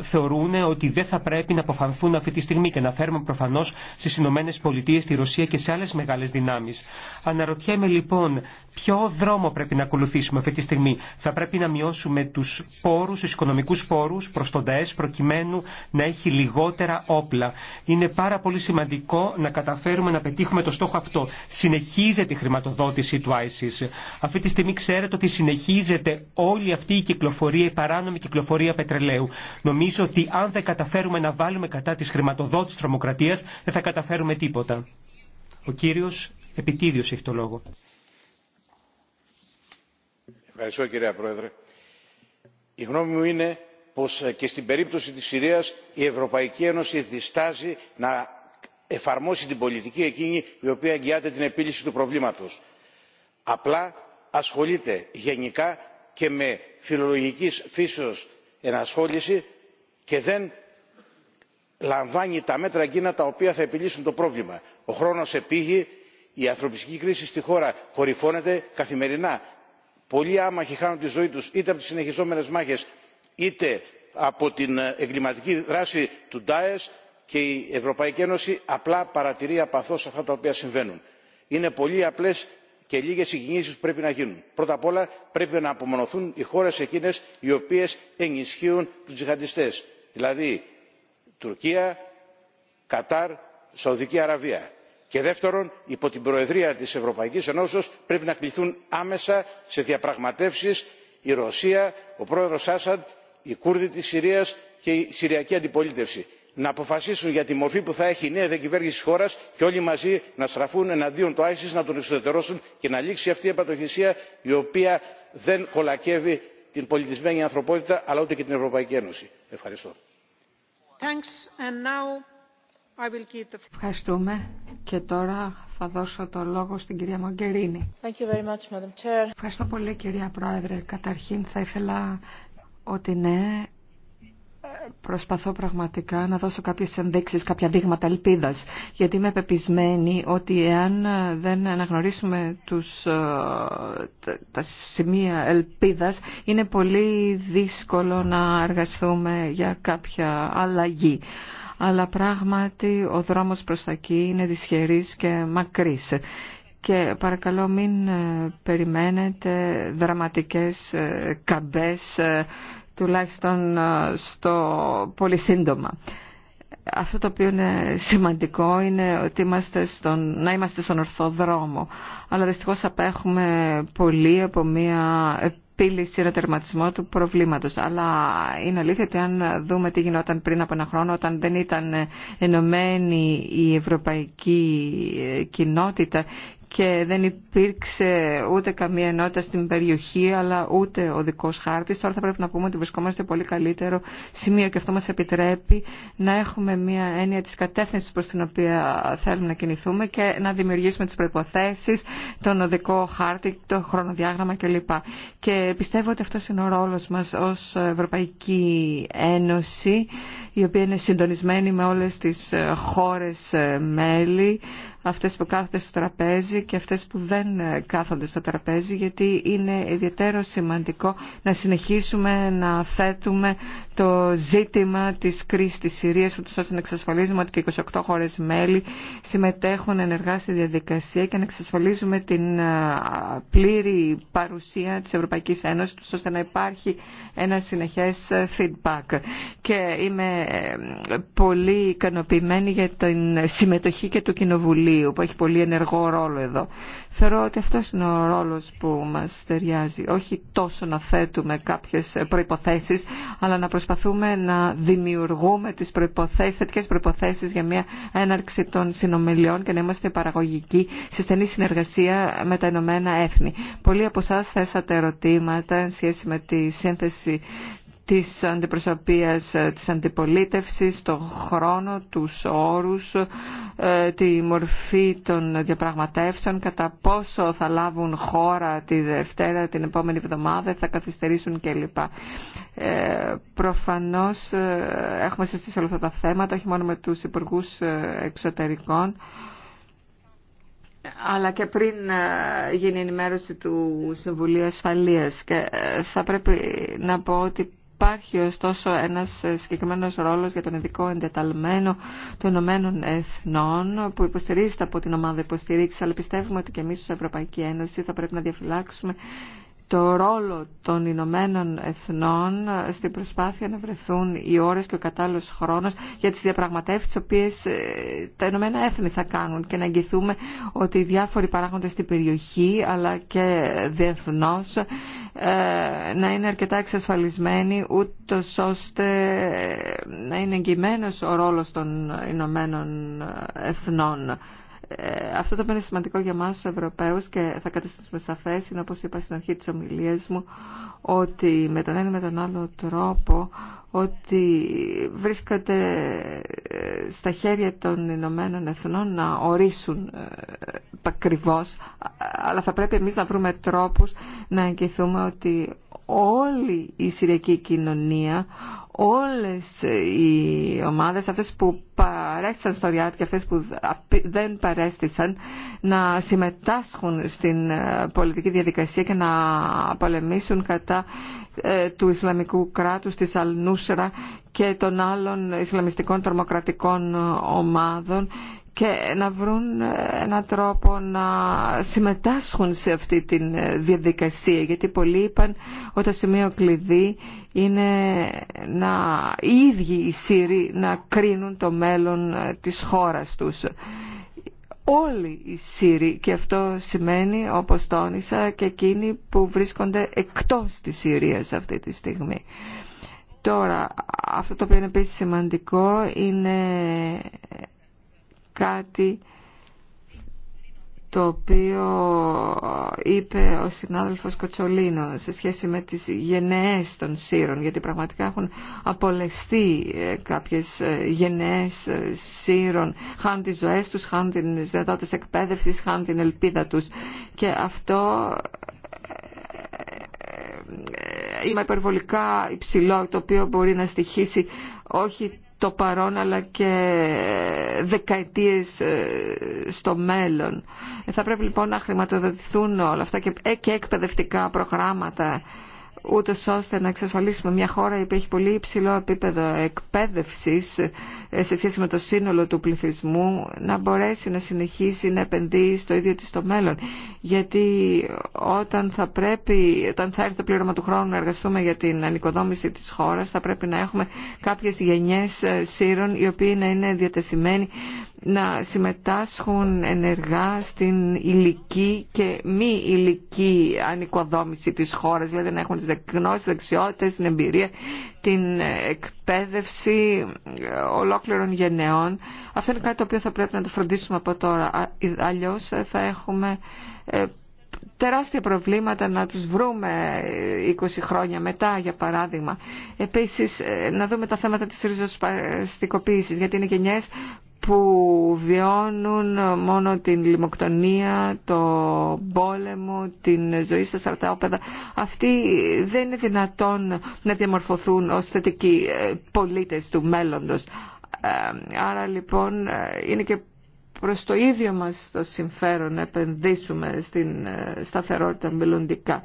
θεωρούν ότι δεν θα πρέπει να αποφανθούν αυτή τη στιγμή και να φέρουμε προφανώ στι Ηνωμένε Πολιτείε, στη Ρωσία και σε άλλε μεγάλε δυνάμει. Αναρωτιέμαι λοιπόν Ποιο δρόμο πρέπει να ακολουθήσουμε αυτή τη στιγμή. Θα πρέπει να μειώσουμε τους πόρους, τους οικονομικούς πόρους προς τον ΤΑΕΣ προκειμένου να έχει λιγότερα όπλα. Είναι πάρα πολύ σημαντικό να καταφέρουμε να πετύχουμε το στόχο αυτό. Συνεχίζεται η χρηματοδότηση του ISIS. Αυτή τη στιγμή ξέρετε ότι συνεχίζεται όλη αυτή η κυκλοφορία, η παράνομη κυκλοφορία πετρελαίου. Νομίζω ότι αν δεν καταφέρουμε να βάλουμε κατά της χρηματοδότησης τρομοκρατίας δεν θα καταφέρουμε τίποτα. Ο κύριος Επιτίδιος έχει το λόγο κυρία Πρόεδρε. Η γνώμη μου είναι πως ε, και στην περίπτωση της Συρίας η Ευρωπαϊκή Ένωση διστάζει να εφαρμόσει την πολιτική εκείνη η οποία εγγυάται την επίλυση του προβλήματος. Απλά ασχολείται γενικά και με φιλολογικής φύσεως ενασχόληση και δεν λαμβάνει τα μέτρα εκείνα τα οποία θα επιλύσουν το πρόβλημα. Ο χρόνος επήγει, η ανθρωπιστική κρίση στη χώρα κορυφώνεται καθημερινά πολλοί άμαχοι χάνουν τη ζωή τους είτε από τις συνεχιζόμενες μάχες είτε από την εγκληματική δράση του ντάεσ και η ευρωπαϊκή ένωση απλά παρατηρεί απαθώς αυτά τα οποία συμβαίνουν. είναι πολύ απλές και λίγες οι κινήσεις που πρέπει να γίνουν. πρώτα απ' όλα πρέπει να απομονωθούν οι χώρες εκείνες οι οποίες ενισχύουν τους τζιχαντιστές δηλαδή τουρκία κατάρ σαουδική αραβία και δεύτερον υπό την προεδρία της ευρωπαϊκής ενώσεως πρέπει να κληθούν άμεσα σε διαπραγματεύσεις η ρωσία ο πρόεδρος ασαντ οι κούρδοι της συρίας και η συριακή αντιπολίτευση να αποφασίσουν για τη μορφή που θα έχει η νέα διακυβέρνηση της χώρας και όλοι μαζί να στραφούν εναντίον του isis να τον εξουδετερώσουν και να λήξει αυτή η επατοχυσία η οποία δεν κολακεύει την πολιτισμένη ανθρωπότητα αλλά ούτε και την ευρωπαϊκή ένωση. ευχαριστώ. Ευχαριστούμε. Και τώρα θα δώσω το λόγο στην κυρία Μογκερίνη. Ευχαριστώ πολύ κυρία Πρόεδρε. Καταρχήν θα ήθελα ότι ναι, προσπαθώ πραγματικά να δώσω κάποιες ενδείξεις, κάποια δείγματα ελπίδας, γιατί είμαι πεπισμένη ότι εάν δεν αναγνωρίσουμε τους, ε, τα σημεία ελπίδας, είναι πολύ δύσκολο να εργαστούμε για κάποια αλλαγή αλλά πράγματι ο δρόμος προς τα εκεί είναι δυσχερής και μακρύς. Και παρακαλώ μην ε, περιμένετε δραματικές ε, καμπές, ε, τουλάχιστον στο πολύ σύντομα. Αυτό το οποίο είναι σημαντικό είναι ότι είμαστε στον, να είμαστε στον ορθό δρόμο. Αλλά δυστυχώς απέχουμε πολύ από μια πύλη σειροτερματισμό του προβλήματος. Αλλά είναι αλήθεια ότι αν δούμε τι γινόταν πριν από ένα χρόνο, όταν δεν ήταν ενωμένη η ευρωπαϊκή κοινότητα και δεν υπήρξε ούτε καμία ενότητα στην περιοχή αλλά ούτε ο δικός χάρτης. Τώρα θα πρέπει να πούμε ότι βρισκόμαστε σε πολύ καλύτερο σημείο και αυτό μας επιτρέπει να έχουμε μια έννοια της κατεύθυνσης προς την οποία θέλουμε να κινηθούμε και να δημιουργήσουμε τις προϋποθέσεις, τον οδικό χάρτη, το χρονοδιάγραμμα κλπ. Και πιστεύω ότι αυτό είναι ο ρόλος μας ως Ευρωπαϊκή Ένωση η οποία είναι συντονισμένη με όλες τις χώρες μέλη αυτές που κάθονται στο τραπέζι και αυτές που δεν κάθονται στο τραπέζι γιατί είναι ιδιαίτερο σημαντικό να συνεχίσουμε να θέτουμε το ζήτημα της κρίσης της Συρίας ούτως ώστε να εξασφαλίζουμε ότι και 28 χώρες μέλη συμμετέχουν ενεργά στη διαδικασία και να εξασφαλίζουμε την πλήρη παρουσία της Ευρωπαϊκής Ένωσης ώστε να υπάρχει ένα συνεχές feedback. Και είμαι ε, πολύ ικανοποιημένη για την συμμετοχή και του Κοινοβουλίου που έχει πολύ ενεργό ρόλο εδώ. Θεωρώ ότι αυτό είναι ο ρόλος που μας ταιριάζει. Όχι τόσο να θέτουμε κάποιες προϋποθέσεις, αλλά να προσπαθούμε να δημιουργούμε τις προϋποθέσεις, θετικές προϋποθέσεις για μια έναρξη των συνομιλιών και να είμαστε παραγωγικοί σε στενή συνεργασία με τα Ηνωμένα Έθνη. Πολλοί από εσά θέσατε ερωτήματα σχέση με τη σύνθεση της αντιπροσωπείας ε, της αντιπολίτευσης, τον χρόνο, τους όρους, ε, τη μορφή των διαπραγματεύσεων, κατά πόσο θα λάβουν χώρα τη Δευτέρα, την επόμενη εβδομάδα, θα καθυστερήσουν κλπ. Ε, προφανώς ε, έχουμε συζητήσει όλα αυτά τα θέματα, όχι μόνο με τους υπουργού εξωτερικών, αλλά και πριν γίνει η ενημέρωση του Συμβουλίου Ασφαλείας και θα πρέπει να πω ότι Υπάρχει ωστόσο ένας συγκεκριμένος ρόλος για τον ειδικό εντεταλμένο των Ηνωμένων Εθνών που υποστηρίζεται από την ομάδα υποστηρίξης αλλά πιστεύουμε ότι και εμείς ως Ευρωπαϊκή Ένωση θα πρέπει να διαφυλάξουμε το ρόλο των Ηνωμένων Εθνών στην προσπάθεια να βρεθούν οι ώρες και ο κατάλληλος χρόνος για τις διαπραγματεύσεις τις οποίες ε, τα Ηνωμένα Έθνη θα κάνουν και να εγγυθούμε ότι οι διάφοροι παράγοντες στην περιοχή αλλά και διεθνώς ε, να είναι αρκετά εξασφαλισμένοι ούτω ώστε να είναι εγγυημένος ο ρόλος των Ηνωμένων Εθνών. Ε, αυτό το οποίο είναι σημαντικό για μας τους Ευρωπαίους και θα καταστήσουμε σαφές είναι όπως είπα στην αρχή της ομιλίας μου ότι με τον ένα με τον άλλο τρόπο ότι βρίσκονται ε, στα χέρια των Ηνωμένων Εθνών να ορίσουν ε, ακριβώ, αλλά θα πρέπει εμείς να βρούμε τρόπους να εγγυηθούμε ότι όλη η Συριακή κοινωνία, όλες οι ομάδες αυτές που παρέστησαν στο Ριάτ και αυτές που δεν παρέστησαν να συμμετάσχουν στην ε, πολιτική διαδικασία και να πολεμήσουν κατά ε, του Ισλαμικού κράτους της Αλνούσρα και των άλλων Ισλαμιστικών τρομοκρατικών ομάδων και να βρουν ε, έναν τρόπο να συμμετάσχουν σε αυτή τη ε, διαδικασία γιατί πολλοί είπαν ότι το σημείο κλειδί είναι να, οι ίδιοι οι Σύριοι να κρίνουν το μέλλον ε, της χώρας τους. Όλοι οι Σύριοι και αυτό σημαίνει όπως τόνισα και εκείνοι που βρίσκονται εκτός της Συρίας αυτή τη στιγμή. Τώρα, αυτό το οποίο είναι επίσης σημαντικό είναι κάτι το οποίο είπε ο συνάδελφος Κοτσολίνο σε σχέση με τις γενναίες των σύρων, γιατί πραγματικά έχουν απολεστεί κάποιες γενναίες σύρων, χάνουν τις ζωές τους, χάνουν τι δυνατότητες εκπαίδευσης, χάνουν την ελπίδα τους. Και αυτό είμαι υπερβολικά υψηλό, το οποίο μπορεί να στοιχίσει όχι το παρόν αλλά και δεκαετίες ε, στο μέλλον. Θα πρέπει λοιπόν να χρηματοδοτηθούν όλα αυτά και ε, εκπαιδευτικά προγράμματα ούτω ώστε να εξασφαλίσουμε μια χώρα που έχει πολύ υψηλό επίπεδο εκπαίδευση ε, σε σχέση με το σύνολο του πληθυσμού να μπορέσει να συνεχίσει να επενδύει στο ίδιο τη το μέλλον. Γιατί όταν θα, πρέπει, όταν θα έρθει το πλήρωμα του χρόνου να εργαστούμε για την ανοικοδόμηση τη χώρα, θα πρέπει να έχουμε κάποιε γενιέ ε, σύρων οι οποίοι να είναι διατεθειμένοι να συμμετάσχουν ενεργά στην ηλική και μη ηλική ανοικοδόμηση της χώρας, δηλαδή να έχουν τις γνώσεις, δεξιότητες, την εμπειρία, την εκπαίδευση ολόκληρων γενεών. Αυτό είναι κάτι το οποίο θα πρέπει να το φροντίσουμε από τώρα. Αλλιώς θα έχουμε ε, τεράστια προβλήματα να τους βρούμε 20 ε, χρόνια μετά για παράδειγμα. Επίσης ε, να δούμε τα θέματα της ριζοσπαστικοποίησης γιατί είναι γενιές που βιώνουν μόνο την λιμοκτονία, το πόλεμο, την ζωή στα σαρτάοπεδα. Αυτοί δεν είναι δυνατόν να διαμορφωθούν ως θετικοί ε, πολίτες του μέλλοντος. Ε, άρα λοιπόν ε, είναι και προς το ίδιο μας το συμφέρον να επενδύσουμε στην σταθερότητα μελλοντικά.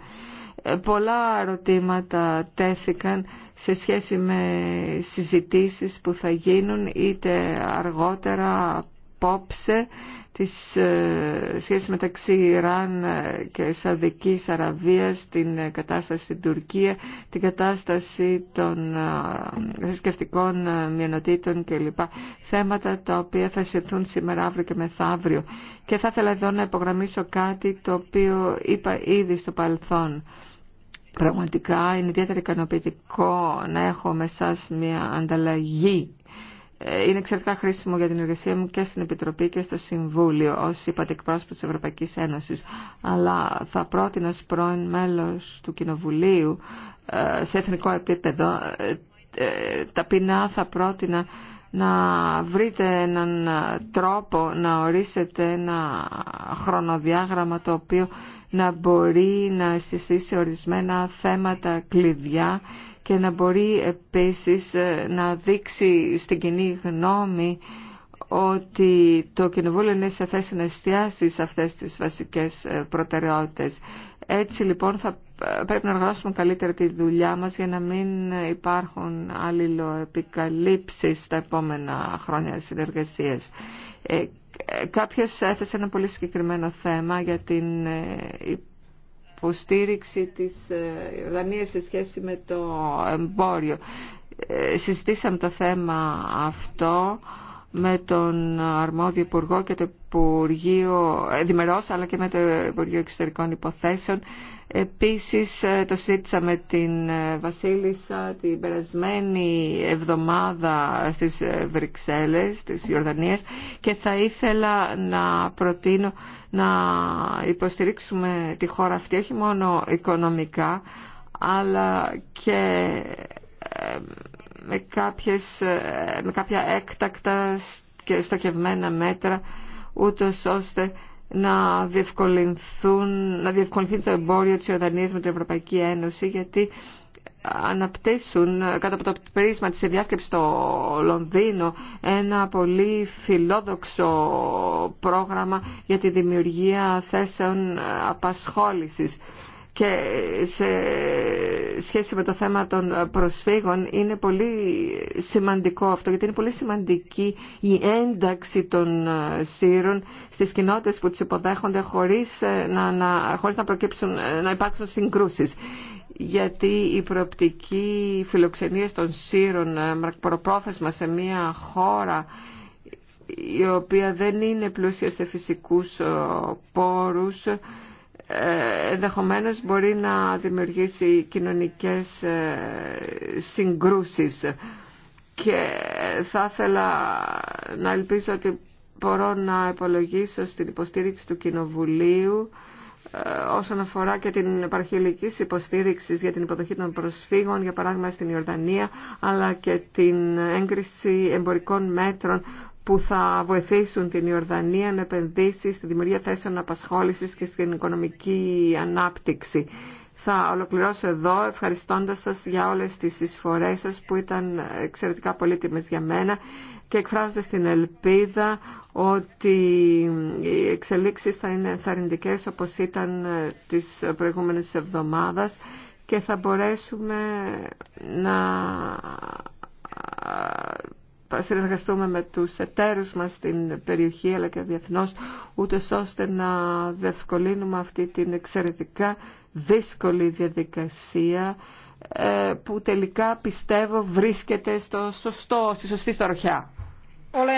Ε, πολλά ερωτήματα τέθηκαν σε σχέση με συζητήσεις που θα γίνουν είτε αργότερα απόψε της ε, σχέση μεταξύ Ιράν ε, και Σαδικής Αραβίας, την κατάσταση στην Τουρκία, την κατάσταση των θρησκευτικών μειονοτήτων κλπ. Θέματα τα οποία θα συζητούν σήμερα, αύριο και μεθαύριο. Και θα ήθελα εδώ να υπογραμμίσω κάτι το οποίο είπα ήδη στο παρελθόν. Πραγματικά είναι ιδιαίτερα ικανοποιητικό να έχω με εσά μια ανταλλαγή. Ε, είναι εξαιρετικά χρήσιμο για την εργασία μου και στην Επιτροπή και στο Συμβούλιο, ω είπατε εκπρόσωπο τη Ευρωπαϊκή Ένωση. Αλλά θα πρότεινα ω πρώην μέλος του Κοινοβουλίου, ε, σε εθνικό επίπεδο, ε, ταπεινά θα πρότεινα να βρείτε έναν τρόπο να ορίσετε ένα χρονοδιάγραμμα το οποίο να μπορεί να συστήσει σε ορισμένα θέματα κλειδιά και να μπορεί επίσης ε, να δείξει στην κοινή γνώμη ότι το Κοινοβούλιο είναι σε θέση να εστιάσει σε αυτές τις βασικές ε, προτεραιότητες. Έτσι λοιπόν θα ε, πρέπει να οργανώσουμε καλύτερα τη δουλειά μας για να μην υπάρχουν αλληλοεπικαλύψεις στα επόμενα χρόνια συνεργασίες. Κάποιος έθεσε ένα πολύ συγκεκριμένο θέμα για την ε, υποστήριξη της ε, Ιορδανίας σε σχέση με το εμπόριο. Ε, συζητήσαμε το θέμα αυτό με τον αρμόδιο Υπουργό και το Υπουργείο ε, Δημερός αλλά και με το Υπουργείο Εξωτερικών Υποθέσεων. Επίσης ε, το σύντησα με την ε, Βασίλισσα την περασμένη εβδομάδα στις Βρυξέλλες, στις Ιορδανίες και θα ήθελα να προτείνω να υποστηρίξουμε τη χώρα αυτή όχι μόνο οικονομικά αλλά και με, κάποιες, ε, με κάποια έκτακτα και στοχευμένα μέτρα ούτως ώστε να, διευκολυνθούν, να διευκολυνθεί το εμπόριο της Ιορδανίας με την Ευρωπαϊκή Ένωση γιατί αναπτύσσουν κάτω από το πρίσμα της διάσκεψη στο Λονδίνο ένα πολύ φιλόδοξο πρόγραμμα για τη δημιουργία θέσεων απασχόλησης και σε σχέση με το θέμα των προσφύγων είναι πολύ σημαντικό αυτό γιατί είναι πολύ σημαντική η ένταξη των Σύρων στις κοινότητες που τους υποδέχονται χωρίς ε, να, χωρίς να, προκύψουν, ε, να υπάρξουν συγκρούσεις γιατί η προοπτική φιλοξενία των Σύρων ε, προπρόθεσμα σε μια χώρα η οποία δεν είναι πλούσια σε φυσικούς πόρους ενδεχομένως μπορεί να δημιουργήσει κοινωνικές ε, συγκρούσεις και θα ήθελα να ελπίσω ότι μπορώ να υπολογίσω στην υποστήριξη του Κοινοβουλίου ε, όσον αφορά και την επαρχιολική υποστήριξη για την υποδοχή των προσφύγων, για παράδειγμα στην Ιορδανία, αλλά και την έγκριση εμπορικών μέτρων που θα βοηθήσουν την Ιορδανία να επενδύσει στη δημιουργία θέσεων απασχόλησης και στην οικονομική ανάπτυξη. Θα ολοκληρώσω εδώ ευχαριστώντας σας για όλες τις εισφορές σας που ήταν εξαιρετικά πολύτιμες για μένα και εκφράζοντας την ελπίδα ότι οι εξελίξεις θα είναι ενθαρρυντικέ όπως ήταν τις προηγούμενες εβδομάδες και θα μπορέσουμε να συνεργαστούμε με τους εταίρους μας στην περιοχή αλλά και διεθνώς ούτε ώστε να διευκολύνουμε αυτή την εξαιρετικά δύσκολη διαδικασία ε, που τελικά πιστεύω βρίσκεται στο σωστό, στη σωστή στοροχιά.